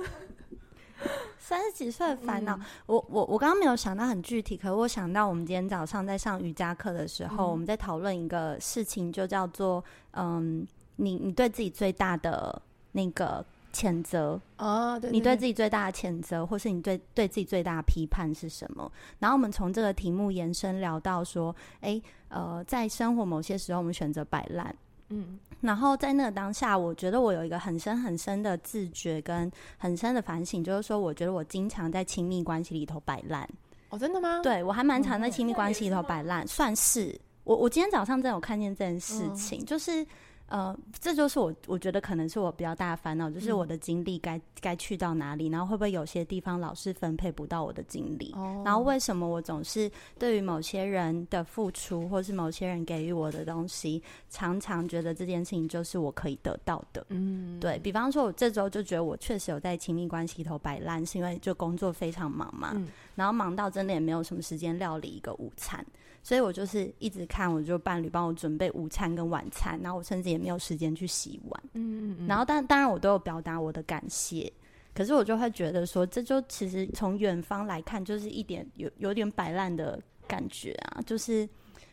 三十幾歲的煩惱、嗯，我我我剛剛沒有想到很具體，可是我想到我們今天早上在上瑜伽課的時候，嗯、我們在討論一個事情，就叫做嗯，你你對自己最大的那個。譴責哦，對你對自己最大的譴責，或是你對對自己最大的批判是什麼？然後我們從這個題目延伸聊到說，誒，呃，在生活某些時候，我們選擇擺爛。嗯，然後在那個當下，我覺得我有一個很深很深的自覺跟很深的反省，就是說，我覺得我經常在親密關係裡頭擺爛。哦，真的嗎？對，我還蠻常在親密關係裡頭擺爛，算是。我我今天早上真的有看見這件事情，就是。呃，這就是我，我覺得可能是我比較大的煩惱，就是我的精力該該去到哪裡，然後會不會有些地方老是分配不到我的精力？哦、然後為什麼我總是對於某些人的付出，或是某些人給予我的東西，常常覺得這件事情就是我可以得到的？嗯，對，比方說，我這周就覺得我確實有在親密關係裡頭擺爛，是因為就工作非常忙嘛，嗯、然後忙到真的也沒有什麼時間料理一個午餐。所以我就是一直看，我就伴侶幫我準備午餐跟晚餐，然後我甚至也沒有時間去洗碗。嗯嗯嗯。然後但，但當然我都有表達我的感謝，可是我就會覺得說，這就其實從遠方來看，就是一點有有點擺爛的感覺啊，就是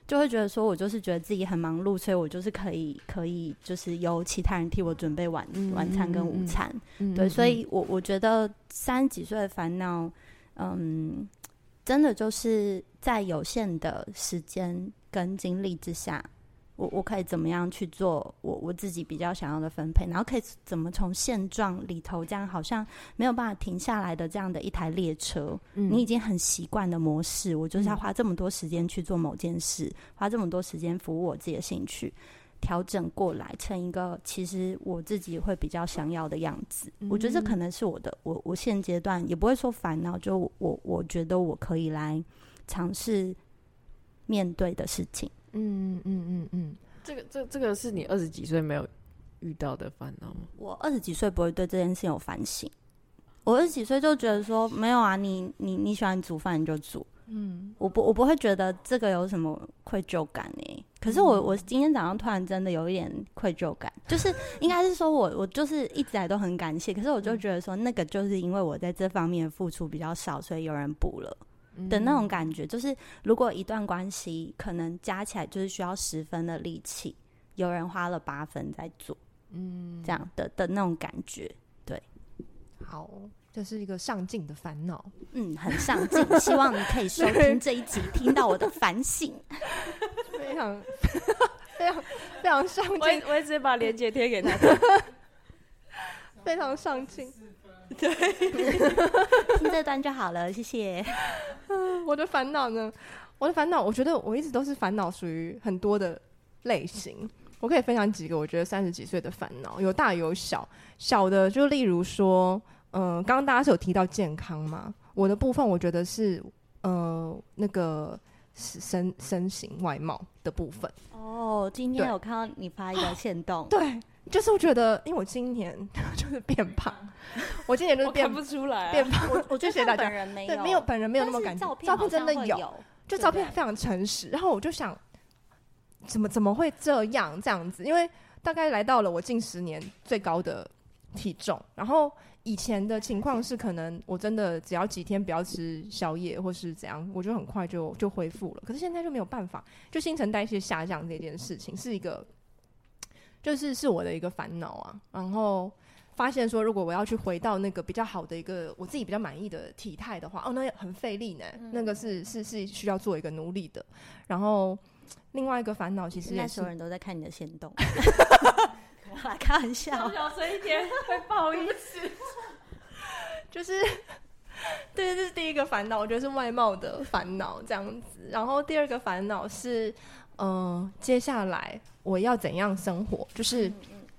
就會覺得說我就是覺得自己很忙碌，所以我就是可以可以就是由其他人替我準備晚、嗯嗯嗯、晚餐跟午餐。嗯嗯嗯對，所以我我覺得三十幾歲的煩惱，嗯。真的就是在有限的時間跟精力之下，我我可以怎麼樣去做我我自己比較想要的分配，然後可以怎麼從現狀裡頭，這樣好像沒有辦法停下來的這樣的一台列車，嗯、你已經很習慣的模式，我就是要花這麼多時間去做某件事，嗯、花這麼多時間服務我自己的興趣，調整過來，成一個其實我自己會比較想要的樣子。嗯、哼我覺得這可能是我的，我我現階段也不會說煩惱，就我我覺得我可以來嘗試面對的事情。嗯嗯嗯嗯，這個這個、這個是你二十幾歲沒有遇到的煩惱嗎？我二十幾歲不會對這件事有反省。我二十幾歲就覺得說沒有啊，你你你喜歡煮飯你就煮，嗯，我不我不會覺得這個有什麼愧疚感誒、欸。可是我、嗯、我今天早上突然真的有一點愧疚感，就是應該是說我、嗯、我就是一直來都很感謝，可是我就覺得說那個就是因為我在這方面付出比較少，所以有人補了的那種感覺，就是如果一段關係可能加起來就是需要十分的力氣，有人花了八分在做，嗯，這樣的的那種感覺，對。好，這是一個上進的煩惱，嗯，很上進， 希望你可以收聽這一集，對聽到我的反省。非常 非常非常上進，我我一直把鏈接貼給他， 非常上進。 四對 聽這段就好了，謝謝。 我的煩惱呢？我的煩惱，我覺得我一直都是煩惱，屬於很多的類型。我可以分享幾個，我覺得三十幾歲的煩惱，有大有小。小的就例如說，嗯、呃，剛剛大家是有提到健康嘛？我的部分，我覺得是嗯、呃，那個。身身形外貌的部分哦，今天我看到你發一個限動。對， 對，就是我覺得，因為我今年就是變胖，啊、我今年就是看不出來，啊、變胖，我就覺得大家 對，沒有，本人沒有那麼感覺，照片照片真的有，有就照片非常誠實，對對對，然後我就想，怎麼怎麼會這樣這樣子？因為大概來到了我近十年最高的體重，然後。以前的情況是，可能我真的只要幾天不要吃宵夜或是怎樣，我就很快就就恢復了。可是現在就沒有辦法，就新陳代謝下降這件事情是一個，就是是我的一個煩惱啊。然後發現說，如果我要去回到那個比較好的一個我自己比較滿意的體態的話，哦，那很費力呢。嗯、那個是是是需要做一個努力的。然後另外一個煩惱，其實那所有人都在看你的行動。 來， 開玩笑。小聲一點，會不好意思。 就是，對，這是第一個煩惱，我覺得是外貌的煩惱這樣子。然後第二個煩惱是，嗯，接下來我要怎樣生活？就是，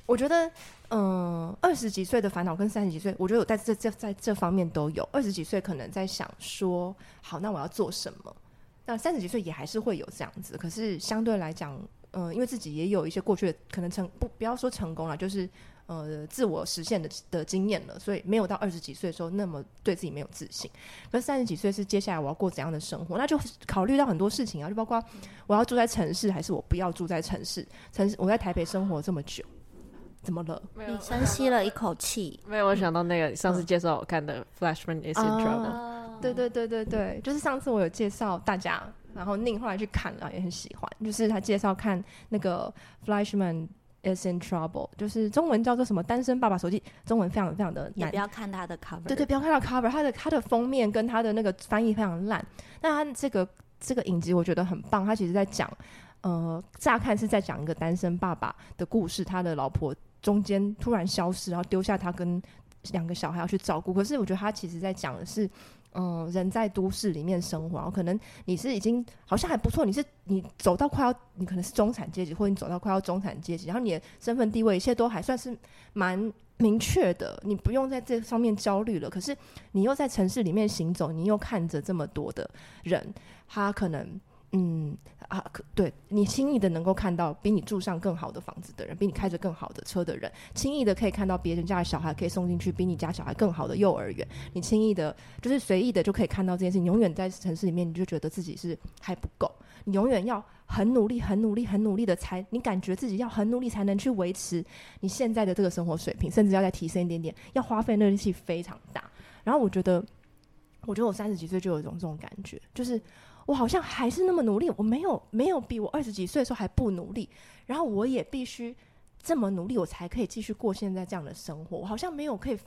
我覺得，嗯，二十幾歲的煩惱跟三十幾歲，我覺得有在這這在這這方面都有。二十幾歲可能在想說，好，那我要做什麼？那三十幾歲也還是會有這樣子，可是相對來講。呃，因為自己也有一些過去的可能成不，不要說成功了，就是呃自我實現的的經驗了，所以沒有到二十幾歲的時候那麼對自己沒有自信。可是三十幾歲是接下來我要過怎樣的生活？那就考慮到很多事情啊，就包括我要住在城市還是我不要住在城市。城市我在台北生活這麼久，怎麼了？你有深吸了一口氣。嗯、沒有，我想到那個上次介紹我看的《Flashman Is In Trouble》，對對對對對，嗯、就是上次我有介紹大家。然後寧後來去看了啊，也很喜歡。就是他介紹看那個《Fleishman Is in Trouble》，就是中文叫做什麼《單身爸爸手機》。中文非常非常的難，也不要看他的 cover。對對，不要看到 cover，吧他的他的封面跟他的那個翻譯非常爛。那他這個這個影集我覺得很棒。他其實在講，呃，乍看是在講一個單身爸爸的故事，他的老婆中間突然消失，然後丟下他跟兩個小孩要去照顧。可是我覺得他其實在講的是。嗯，人在都市裡面生活，可能你是已經好像還不錯，你是你走到快要你可能是中產階級，或者你走到快要中產階級，然後你的身份地位一切都還算是蠻明確的，你不用在這方面焦慮了。可是你又在城市裡面行走，你又看着這麼多的人，他可能。嗯啊，對，你輕易的能夠看到比你住上更好的房子的人，比你開着更好的車的人，輕易的可以看到別人家的小孩可以送進去比你家小孩更好的幼兒園，你輕易的就是隨意的就可以看到這件事。你永遠在城市裡面，你就覺得自己是還不夠，你永遠要很努力、很努力、很努力的才，你感覺自己要很努力才能去維持你現在的這個生活水平，甚至要再提升一點點，要花費那力氣非常大。然後我覺得，我覺得我三十幾歲就有一種這種感覺，就是。我好像還是那麼努力，我沒有沒有比我二十幾歲的時候還不努力，然後我也必須這麼努力，我才可以繼續過現在這樣的生活。我好像沒有可以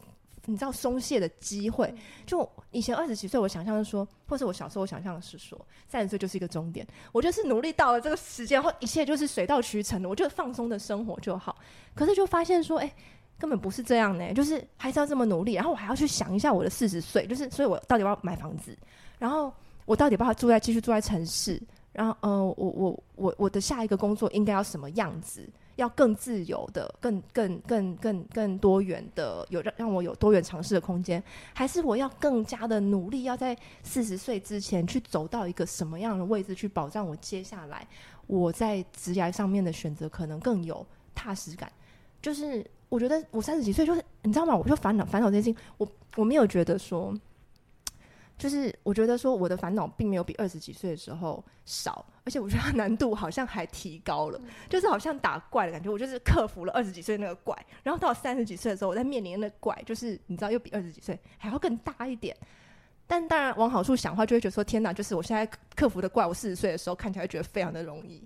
你知道鬆懈的機會。就以前二十幾歲，我想象是說，或是我小時候我想象的是說，三十歲就是一個終點。我就是努力到了這個時間後，一切就是水到渠成的，我就放鬆的生活就好。可是就發現說，哎、欸，根本不是這樣呢、欸，就是還是要這麼努力。然後我還要去想一下我的四十歲，就是，所以我到底要不要買房子，然後。我到底要不要住在繼續住在城市？然後，嗯、呃，我我我我的下一個工作應該要什麼樣子？要更自由的、更更更更更多元的，有讓讓我有多元嘗試的空間？還是我要更加的努力，要在四十歲之前去走到一個什麼樣的位置，去保障我接下來我在職涯上面的選擇可能更有踏實感？就是我覺得我三十幾歲就是你知道嗎？我就煩惱煩惱這些，我我沒有覺得說。就是我覺得說，我的煩惱並沒有比二十幾歲的時候少，而且我覺得難度好像還提高了，嗯、就是好像打怪的感覺。我就是克服了二十幾歲那個怪，然後到三十幾歲的時候，我在面臨的那個怪，就是你知道，又比二十幾歲還要更大一點。但當然，往好處想的話，就會覺得說，天哪，就是我現在克服的怪，我四十歲的時候看起來覺得非常的容易，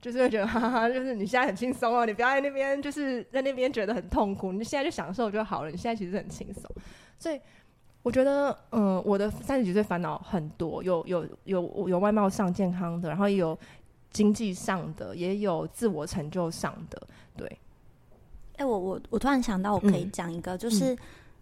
就是會覺得哈哈，就是你現在很輕鬆哦，你不要在那邊就是在那邊覺得很痛苦，你現在就享受就好了，你現在其實很輕鬆，所以。我覺得，嗯，我的三十幾歲煩惱很多，有有有有外貌上健康的，然後也有經濟上的，也有自我成就上的，對。哎、欸，我我我突然想到，我可以講一個，嗯、就是，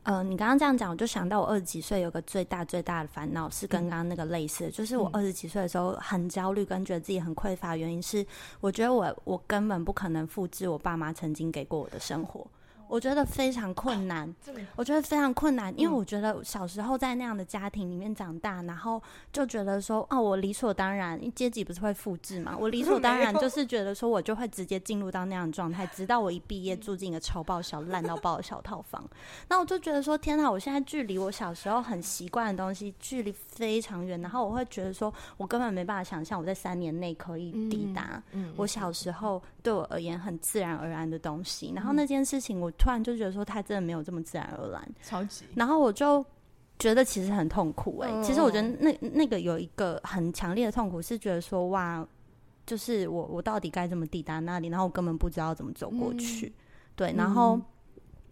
嗯，呃、你剛剛這樣講，我就想到我二十幾歲有個最大最大的煩惱是跟剛剛那個類似的，就是我二十幾歲的時候很焦慮，跟覺得自己很匱乏的原因是我覺得我我根本不可能複製我爸媽曾經給過我的生活。我覺得非常困難，啊、我覺得非常困難，因為我覺得小時候在那樣的家庭裡面長大，嗯、然後就覺得說，哦、啊，我理所當然，階級不是會複製嘛？我理所當然就是覺得說，我就會直接進入到那樣的狀態，有直到我一畢業住進一個超爆小、小爛 到爆的小套房。那我就覺得說，天哪！我現在距離我小時候很習慣的東西距離非常遠，然後我會覺得說我根本沒辦法想象我在三年內可以抵達、嗯、我小時候對我而言很自然而然的東西。嗯、然後那件事情我。突然就覺得說他真的沒有這麼自然而然，超級。然後我就覺得其實很痛苦誒、欸，嗯、哦哦其實我覺得那那個有一個很強烈的痛苦是覺得說哇，就是我我到底該怎麼抵達那裡，然後我根本不知道怎麼走過去，嗯、對，然後。嗯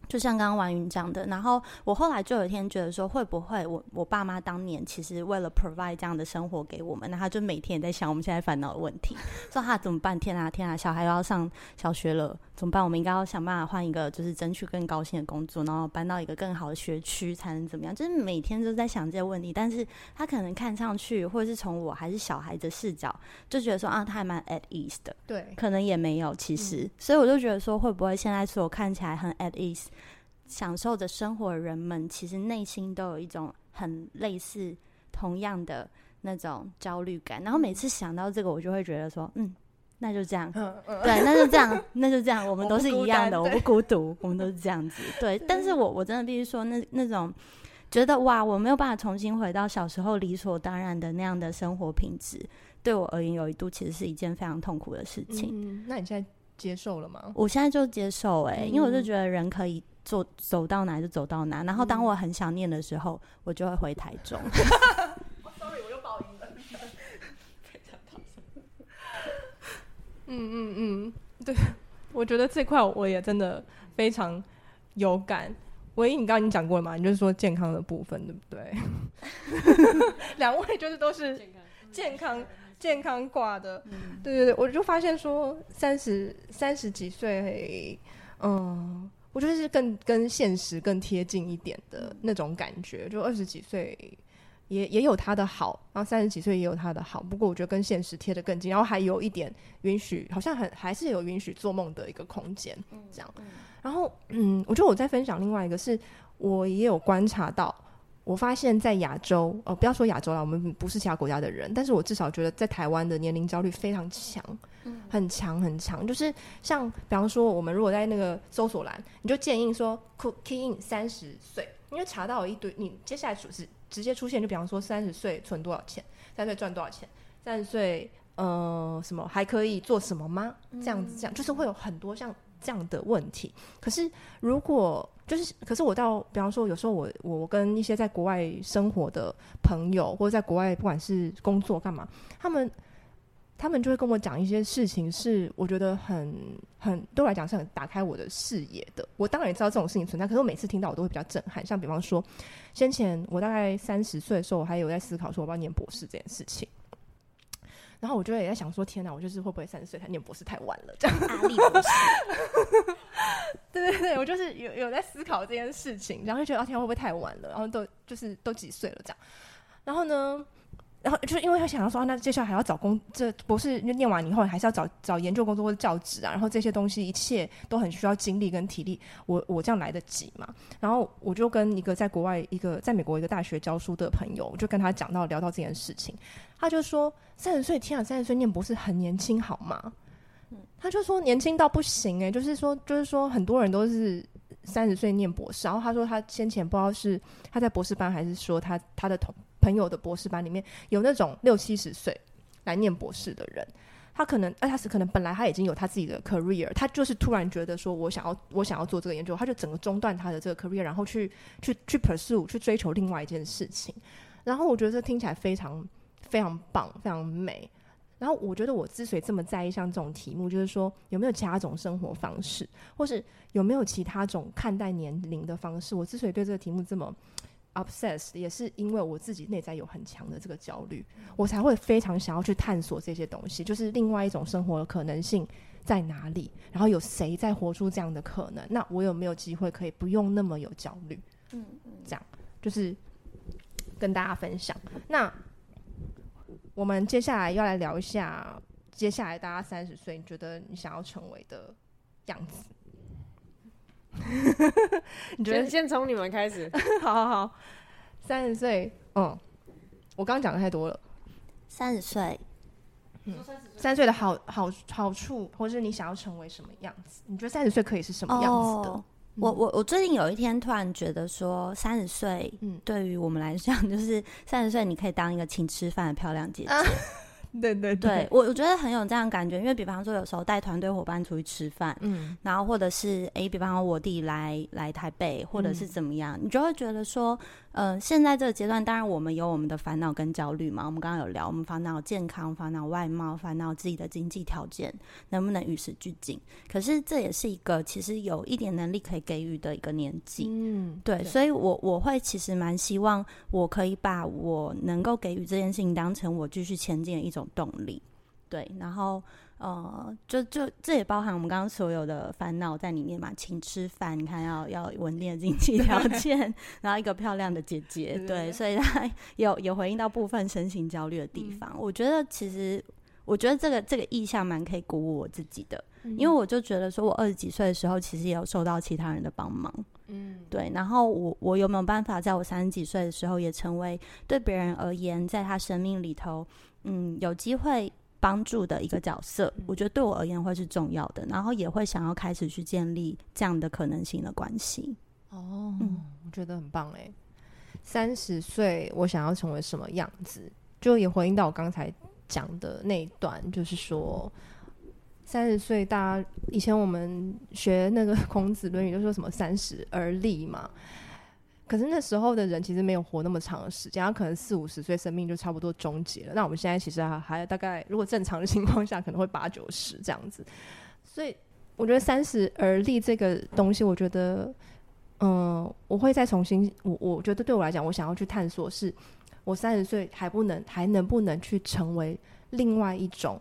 就像剛剛王云這樣的，然後我後來就有一天覺得說，會不會我我爸媽當年其實為了 provide 這樣的生活給我們，然後他就每天也在想我們現在煩惱的問題， 說他怎麼辦？天啊天啊，小孩要上小學了，怎麼辦？我們應該要想辦法換一個，就是爭取更高薪的工作，然後搬到一個更好的學區，才能怎麼樣？就是每天都在想這些問題，但是他可能看上去，或者是從我還是小孩的視角，就覺得說啊，他還蠻 at ease 的，對，可能也沒有，其實，嗯，所以我就覺得說，會不會現在所看起來很 at ease。享受着生活的人們其實內心都有一種很類似、同樣的那種焦慮感。然後每次想到這個，我就會覺得說：“嗯，那就這樣。嗯”，對，那就這樣，嗯、那就這樣，我們都是一樣的，我不孤獨，我們都是這樣子。對，對，但是我我真的必須說那，那那種覺得哇，我沒有辦法重新回到小時候理所當然的那樣的生活品質，對我而言，有一度其實是一件非常痛苦的事情。嗯、那你現在？接受了嗎？我現在就接受哎、欸，嗯、因為我就覺得人可以走走到哪就走到哪。然後當我很想念的時候，我就會回台中。Sorry, 我又報應了， 非常討厭 嗯嗯嗯，對，我覺得這塊我也真的非常有感。唯一，你剛剛你講過了嘛？你就是說健康的部分，對不對？ 兩位就是都是健康，健康。嗯健康健康掛的，嗯、對對對，我就發現說三十三十幾歲，嗯，我覺得是更跟現實更貼近一點的那種感覺。就二十幾歲也也有他的好，然後三十幾歲也有他的好，不過我覺得跟現實貼得更近，然後還有一點允許，好像很還是有允許做夢的一個空間這樣。嗯嗯，然後嗯，我覺得我再分享另外一個是我也有觀察到。我發現，在亞洲，哦、呃，不要說亞洲了，我們不是其他國家的人，但是我至少覺得，在台灣的年齡焦慮非常強，很強很強。就是像，比方說，我們如果在那個搜索欄，你就建議說，key in 三十歲，因為查到有一堆，你接下來出直直接出現，就比方說，三十歲存多少錢，三十歲賺多少錢，三十歲，呃，什麼還可以做什麼嗎？這樣子，這樣，就是會有很多像這樣的問題。可是如果就是，可是我到，比方說，有時候我我我跟一些在國外生活的朋友，或者在國外不管是工作幹嘛，他們他們就會跟我講一些事情，是我覺得很很對我來講是很打開我的視野的。我當然也知道這種事情存在，可是我每次聽到我都會比較震撼。像比方說，先前我大概三十歲的時候，我還有在思考說我要念博士這件事情。然後我就也在想說，天哪，我就是會不會三十歲才念博士太晚了？這樣，對對對，我就是有有在思考這件事情，然後就覺得天哪，會不會太晚了？然後都就是都幾歲了？這樣，然後呢，然後就是因為他想要說、啊，那接下來還要找工，這博士念完以後還是要找找研究工作或者教職啊，然後這些東西一切都很需要精力跟體力，我我這樣來得及嘛。然後我就跟一個在國外一個在美國一個大學教書的朋友，我就跟他講到聊到這件事情。他就說，三十歲，天啊，三十歲念博士很年輕好嗎？他就說年輕到不行誒、欸。就是說就是說很多人都是三十歲念博士。然後他說他先前不知道是他在博士班，還是說他他的同朋友的博士班裡面有那種六七十歲來念博士的人。他可能哎、呃、他是可能本來他已經有他自己的 career，他就是突然覺得說我想要我想要做這個研究，他就整個中斷他的這個 career，然後去去去 pursue 去追求另外一件事情。然後我覺得這聽起來非常。非常棒，非常美。然後，我覺得我之所以這麼在意像這種題目，就是說有沒有其他種生活方式，或是有沒有其他種看待年齡的方式。我之所以對這個題目這麼 obsessed，也是因為我自己內在有很強的這個焦慮，我才會非常想要去探索這些東西，就是另外一種生活的可能性在哪裡。然後有誰在活出這樣的可能？那我有沒有機會可以不用那麼有焦慮？嗯嗯，這樣就是跟大家分享。那我們接下來要來聊一下，接下來大家三十歲，你覺得你想要成為的樣子？ 你覺得先從你們開始？ 好好好，三十歲，嗯，我剛講的太多了。三十歲，嗯，三十歲的好好好處，或是你想要成為什麼樣子？你覺得三十歲可以是什麼樣子的？Oh. 嗯、我我我最近有一天突然覺得說，三十歲對於我們來講，就是三十歲你可以當一個請吃飯的漂亮姐姐。嗯啊。 對對對，對，我我覺得很有這樣的感覺，因為比方說有時候帶團隊夥伴出去吃飯，嗯，然後或者是誒、欸，比方說我弟來來台北，或者是怎麼樣，嗯、你就會覺得說，嗯、呃，現在這個階段，當然我們有我們的煩惱跟焦慮嘛，我們剛剛有聊，我們煩惱健康，煩惱外貌，煩惱自己的經濟條件能不能與時俱進，可是這也是一個其實有一點能力可以給予的一個年紀，嗯，對，對所以我我會其實蠻希望我可以把我能夠給予這件事情當成我繼續前進的一種。動力，對，然後呃，就就這也包含我們剛剛所有的煩惱在裡面嘛，請吃飯，你看要要穩定的經濟條件，對 然後一個漂亮的姐姐，對，對所以他有有回應到部分身心焦慮的地方。嗯，我覺得其實，我覺得這個這個意象蠻可以鼓舞我自己的，因為我就覺得說，我二十幾歲的時候，其實也有受到其他人的幫忙，嗯，對，然後我我有沒有辦法在我三十幾歲的時候，也成為對別人而言，在他生命裡頭。嗯，有機會幫助的一個角色，嗯、我覺得對我而言會是重要的，然後也會想要開始去建立這樣的可能性的關係。哦，嗯、我覺得很棒誒，三十歲，我想要成為什麼樣子？就也回應到我剛才講的那一段，就是說三十歲，大家以前我們學那個孔子《論語》都說什麼“三十而立”嘛。可是那時候的人其實沒有活那麼長的時間，他可能四五十歲生命就差不多終結了。那我們現在其實還還大概，如果正常的情況下，可能會八九十這樣子。所以我覺得三十而立這個東西，我覺得，嗯，我會再重新，我我覺得對我來講，我想要去探索，是我三十歲還不能還能不能去成為另外一種。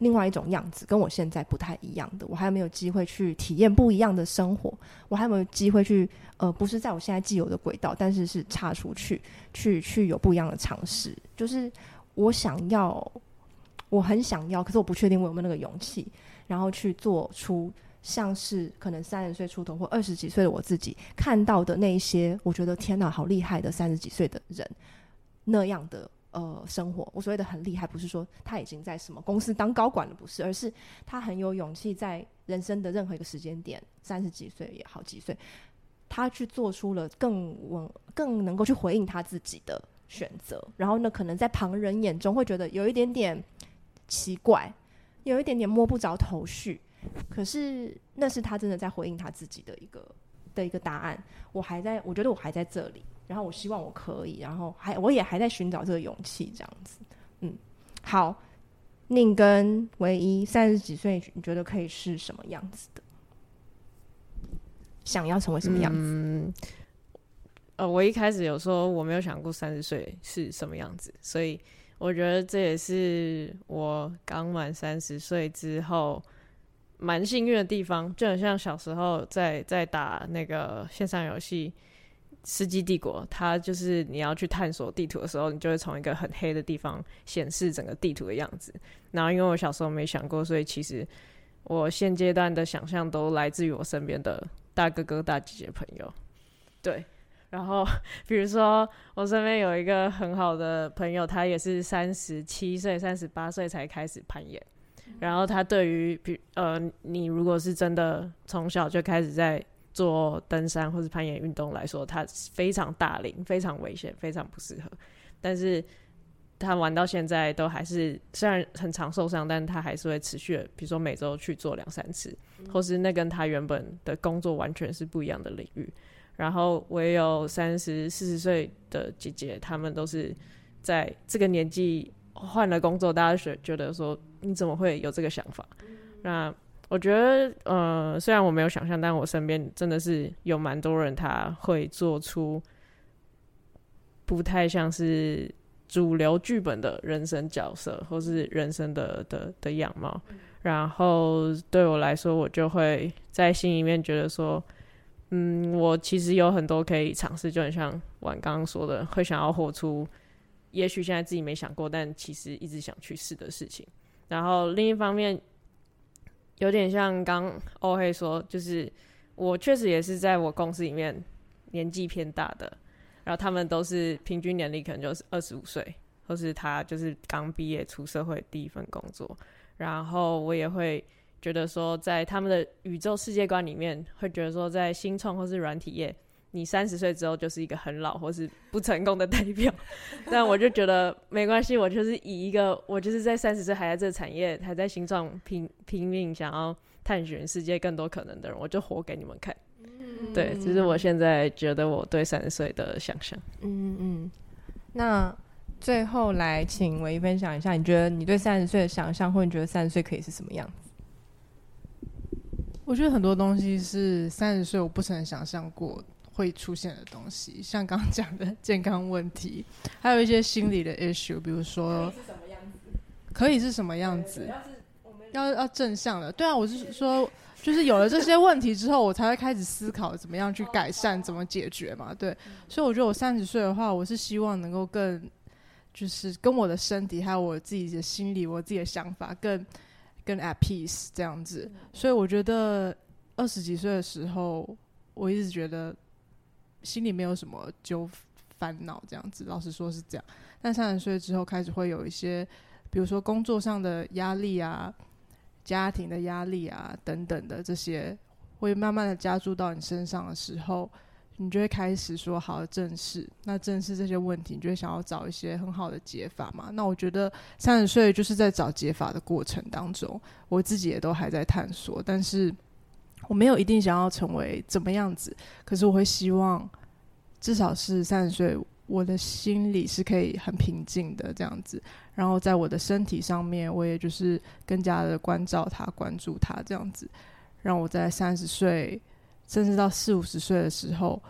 另外一種樣子，跟我現在不太一樣的，我還沒有機會去體驗不一樣的生活，我還沒有機會去，呃，不是在我現在既有的軌道，但是是岔出去，去去有不一樣的嘗試。就是我想要，我很想要，可是我不確定我有沒有那個勇氣，然後去做出像是可能三十歲出頭或二十幾歲的我自己看到的那一些，我覺得天哪，好厲害的三十幾歲的人那樣的。呃，生活，我所謂的很厲害，不是說他已經在什麼公司當高管了，不是，而是他很有勇氣，在人生的任何一個時間點，三十幾歲也好，幾歲，他去做出了更穩、更能夠去回應他自己的選擇。然後呢，可能在旁人眼中會覺得有一點點奇怪，有一點點摸不着頭緒，可是那是他真的在回應他自己的一個的一個答案。我還在，我覺得我還在這裡。然後我希望我可以，然後還我也還在尋找這個勇氣，這樣子。嗯，好，寧跟唯一三十幾歲，你覺得可以是什麼樣子的？想要成為什麼樣子？嗯，呃，我一開始有說我沒有想過三十歲是什麼樣子，所以我覺得這也是我剛滿三十歲之後蠻幸運的地方，就很像小時候在在打那個線上遊戲。《世紀帝國》，它就是你要去探索地圖的時候，你就會從一個很黑的地方顯示整個地圖的樣子。然後，因為我小時候沒想過，所以其實我現階段的想象都來自於我身邊的大哥哥、大姐姐朋友。對，然後比如說我身邊有一個很好的朋友，他也是三十七歲、三十八歲才開始攀岩。然後他對於，比呃，你如果是真的從小就開始在。做登山或是攀岩運動來說，他非常大齡、非常危險、非常不適合。但是他玩到現在都還是，雖然很常受傷，但是他還是會持續的，比如說每週去做兩三次，或是那跟他原本的工作完全是不一樣的領域。然後我也有三十四十歲的姐姐，他們都是在這個年紀換了工作，大家覺得說，你怎麼會有這個想法？那。我覺得，呃，雖然我沒有想象，但我身邊真的是有蠻多人他會做出不太像是主流劇本的人生角色，或是人生的的的樣貌。嗯、然後對我來說，我就會在心裡面覺得說，嗯，我其實有很多可以嘗試，就很像婉剛剛說的，會想要活出，也許現在自己沒想過，但其實一直想去試的事情。然後另一方面。有點像剛歐黑說，就是我確實也是在我公司裡面年紀偏大的，然後他們都是平均年齡可能就是二十五歲，或是他就是剛畢業出社會第一份工作，然後我也會覺得說，在他們的宇宙世界觀裡面，會覺得說在新創或是軟體業。你三十歲之後就是一個很老或是不成功的代表， 但我就覺得沒關係，我就是以一個我就是在三十歲還在這個產業還在形狀拼拼命想要探尋世界更多可能的人，我就活給你們看。嗯、對，這是我現在覺得我對三十歲的想象。嗯嗯，那最後來請唯一分享一下，你覺得你對三十歲的想象，或你覺得三十歲可以是什麼樣子？我覺得很多東西是三十歲我不曾想象過的。會出現的東西，像剛，剛講的健康問題，還有一些心理的 issue，比如說，可以，可以是什麼樣子？對要對要正向的，對，對啊，我是說，對就是有了這些問題之後， 我才會開始思考怎麼樣去改善，oh, okay. 怎麼解決嘛，對。嗯、所以我覺得我三十歲的話，我是希望能夠更，就是跟我的身體還有我自己的心理，我自己的想法更更 at peace 這樣子。嗯、所以我覺得二十幾歲的時候，我一直覺得。心裡沒有什麼糾煩惱，這樣子，老實說是這樣。那三十歲之後開始會有一些，比如說工作上的壓力啊、家庭的壓力啊等等的這些，會慢慢的加注到你身上的時候，你就會開始說好正視，那正視這些問題，你就會想要找一些很好的解法嘛。那我覺得三十歲就是在找解法的過程當中，我自己也都還在探索，但是我沒有一定想要成為怎麼樣子，可是我會希望，至少是三十歲，我的心裡是可以很平靜的這樣子。然後在我的身體上面，我也就是更加的關照他、關注他這樣子，讓我在三十歲，甚至到四五十歲的時候，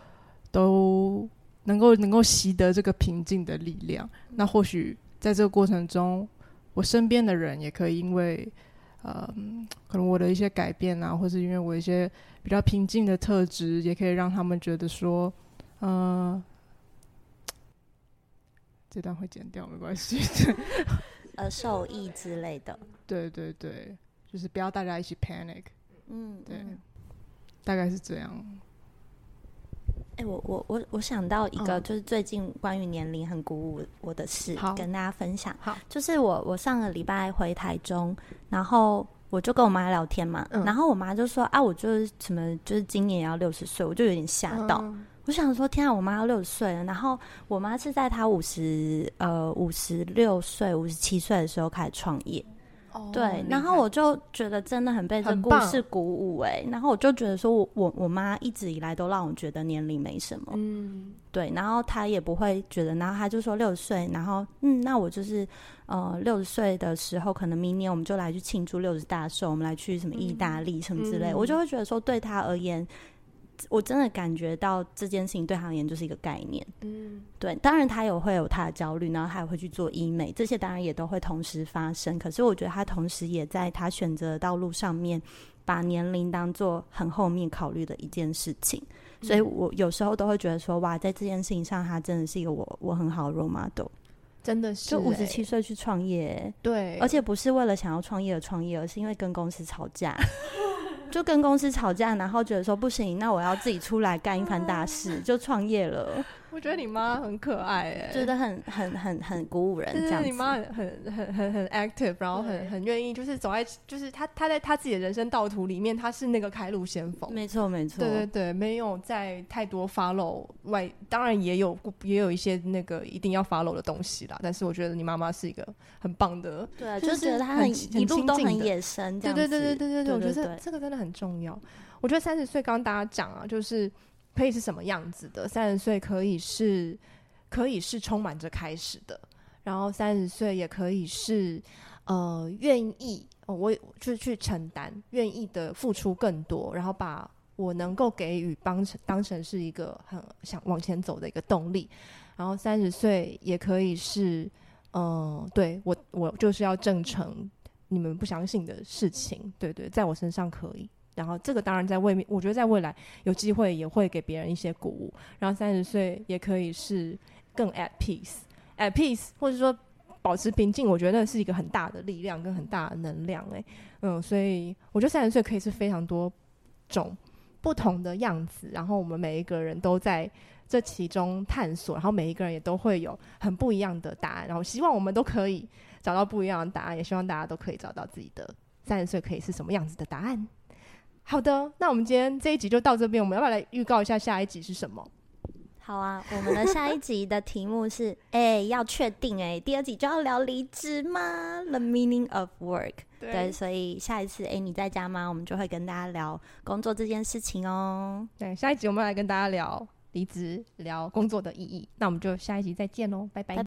都能夠能夠習得這個平靜的力量。那或許在這個過程中，我身邊的人也可以因為。呃，可能我的一些改變啊，或是因為我一些比較平靜的特質，也可以讓他們覺得說，呃，這段會剪掉，沒關係，呃，受益之類的。對對對，就是不要大家一起 panic。嗯，對，嗯，大概是這樣。我我我我想到一個，就是最近關於年齡很鼓舞我的事，嗯、跟大家分享。好，就是我我上個禮拜回台中，然後我就跟我媽聊天嘛，嗯、然後我媽就說啊，我就是什麼，就是今年要六十歲，我就有點嚇到。嗯、我想說，天啊，我媽要六十歲了。然後我媽是在她五十呃五十六歲、五十七歲的時候開始創業。Oh, 對，然後我就覺得真的很被這故事鼓舞哎，很棒。然後我就覺得說我我我媽一直以來都讓我覺得年齡沒什麼，嗯，對，然後她也不會覺得，然後她就說六十歲，然後嗯，那我就是呃六十歲的時候，可能明年我們就來去慶祝六十大壽，我們來去什麼意大利什麼之類，嗯、我就會覺得說對她而言。我真的感覺到這件事情對他而言就是一個概念，嗯，對，當然他也會有他的焦慮，然後他也會去做醫美，這些當然也都會同時發生。可是我覺得他同時也在他選擇的道路上面，把年齡當做很後面考慮的一件事情。嗯、所以我有時候都會覺得說，哇，在這件事情上，他真的是一個我我很好的 role model，真的是、欸，就五十七歲去創業，對，而且不是為了想要創業而創業，而是因為跟公司吵架。 就跟公司吵架，然後覺得說不行，那我要自己出來幹一番大事，嗯、就創業了。我覺得你媽很可愛、欸，覺得很很很很鼓舞人，就是你媽很很很很 active，然後很很願意，就是走在，就是她她在她自己的人生道途裡面，她是那個開路先鋒。沒錯，沒錯。對對對，沒有在太多 follow 外，當然也有也有一些那個一定要 follow 的東西啦。但是我覺得你媽媽是一個很棒的，對、啊，就是她很，很一路都很野生。對對對對對對對，對對對對對我覺得這，對對對這個真的很重要。我覺得三十歲剛剛大家講啊，就是。可以是什麼樣子的？三十歲可以是可以是充滿着開始的，然後三十歲也可以是呃，願意，哦、我就是去承擔，願意的付出更多，然後把我能夠給予當成當成是一個很想往前走的一個動力。然後三十歲也可以是，嗯、呃，對我，我就是要證成你們不相信的事情。對對，在我身上可以。然後，這個當然在未，我覺得在未來有機會也會給別人一些鼓舞。然後三十歲也可以是更 at peace at peace，或者說保持平靜，我覺得是一個很大的力量跟很大的能量誒、欸。嗯，所以我覺得三十歲可以是非常多種不同的樣子。然後我們每一個人都在這其中探索，然後每一個人也都會有很不一樣的答案。然後希望我們都可以找到不一樣的答案，也希望大家都可以找到自己的三十歲可以是什麼樣子的答案。好的，那我們今天這一集就到這邊。我們要不要來預告一下下一集是什麼？好啊，我們的下一集的題目是：哎、 欸，要確定哎、欸，第二集就要聊離職嗎？The meaning of work 對。對，所以下一次哎、欸，你在家嗎？我們就會跟大家聊工作這件事情哦、喔。對，下一集我們要來跟大家聊離職，聊工作的意義。那我們就下一集再見嘍，拜拜。拜拜。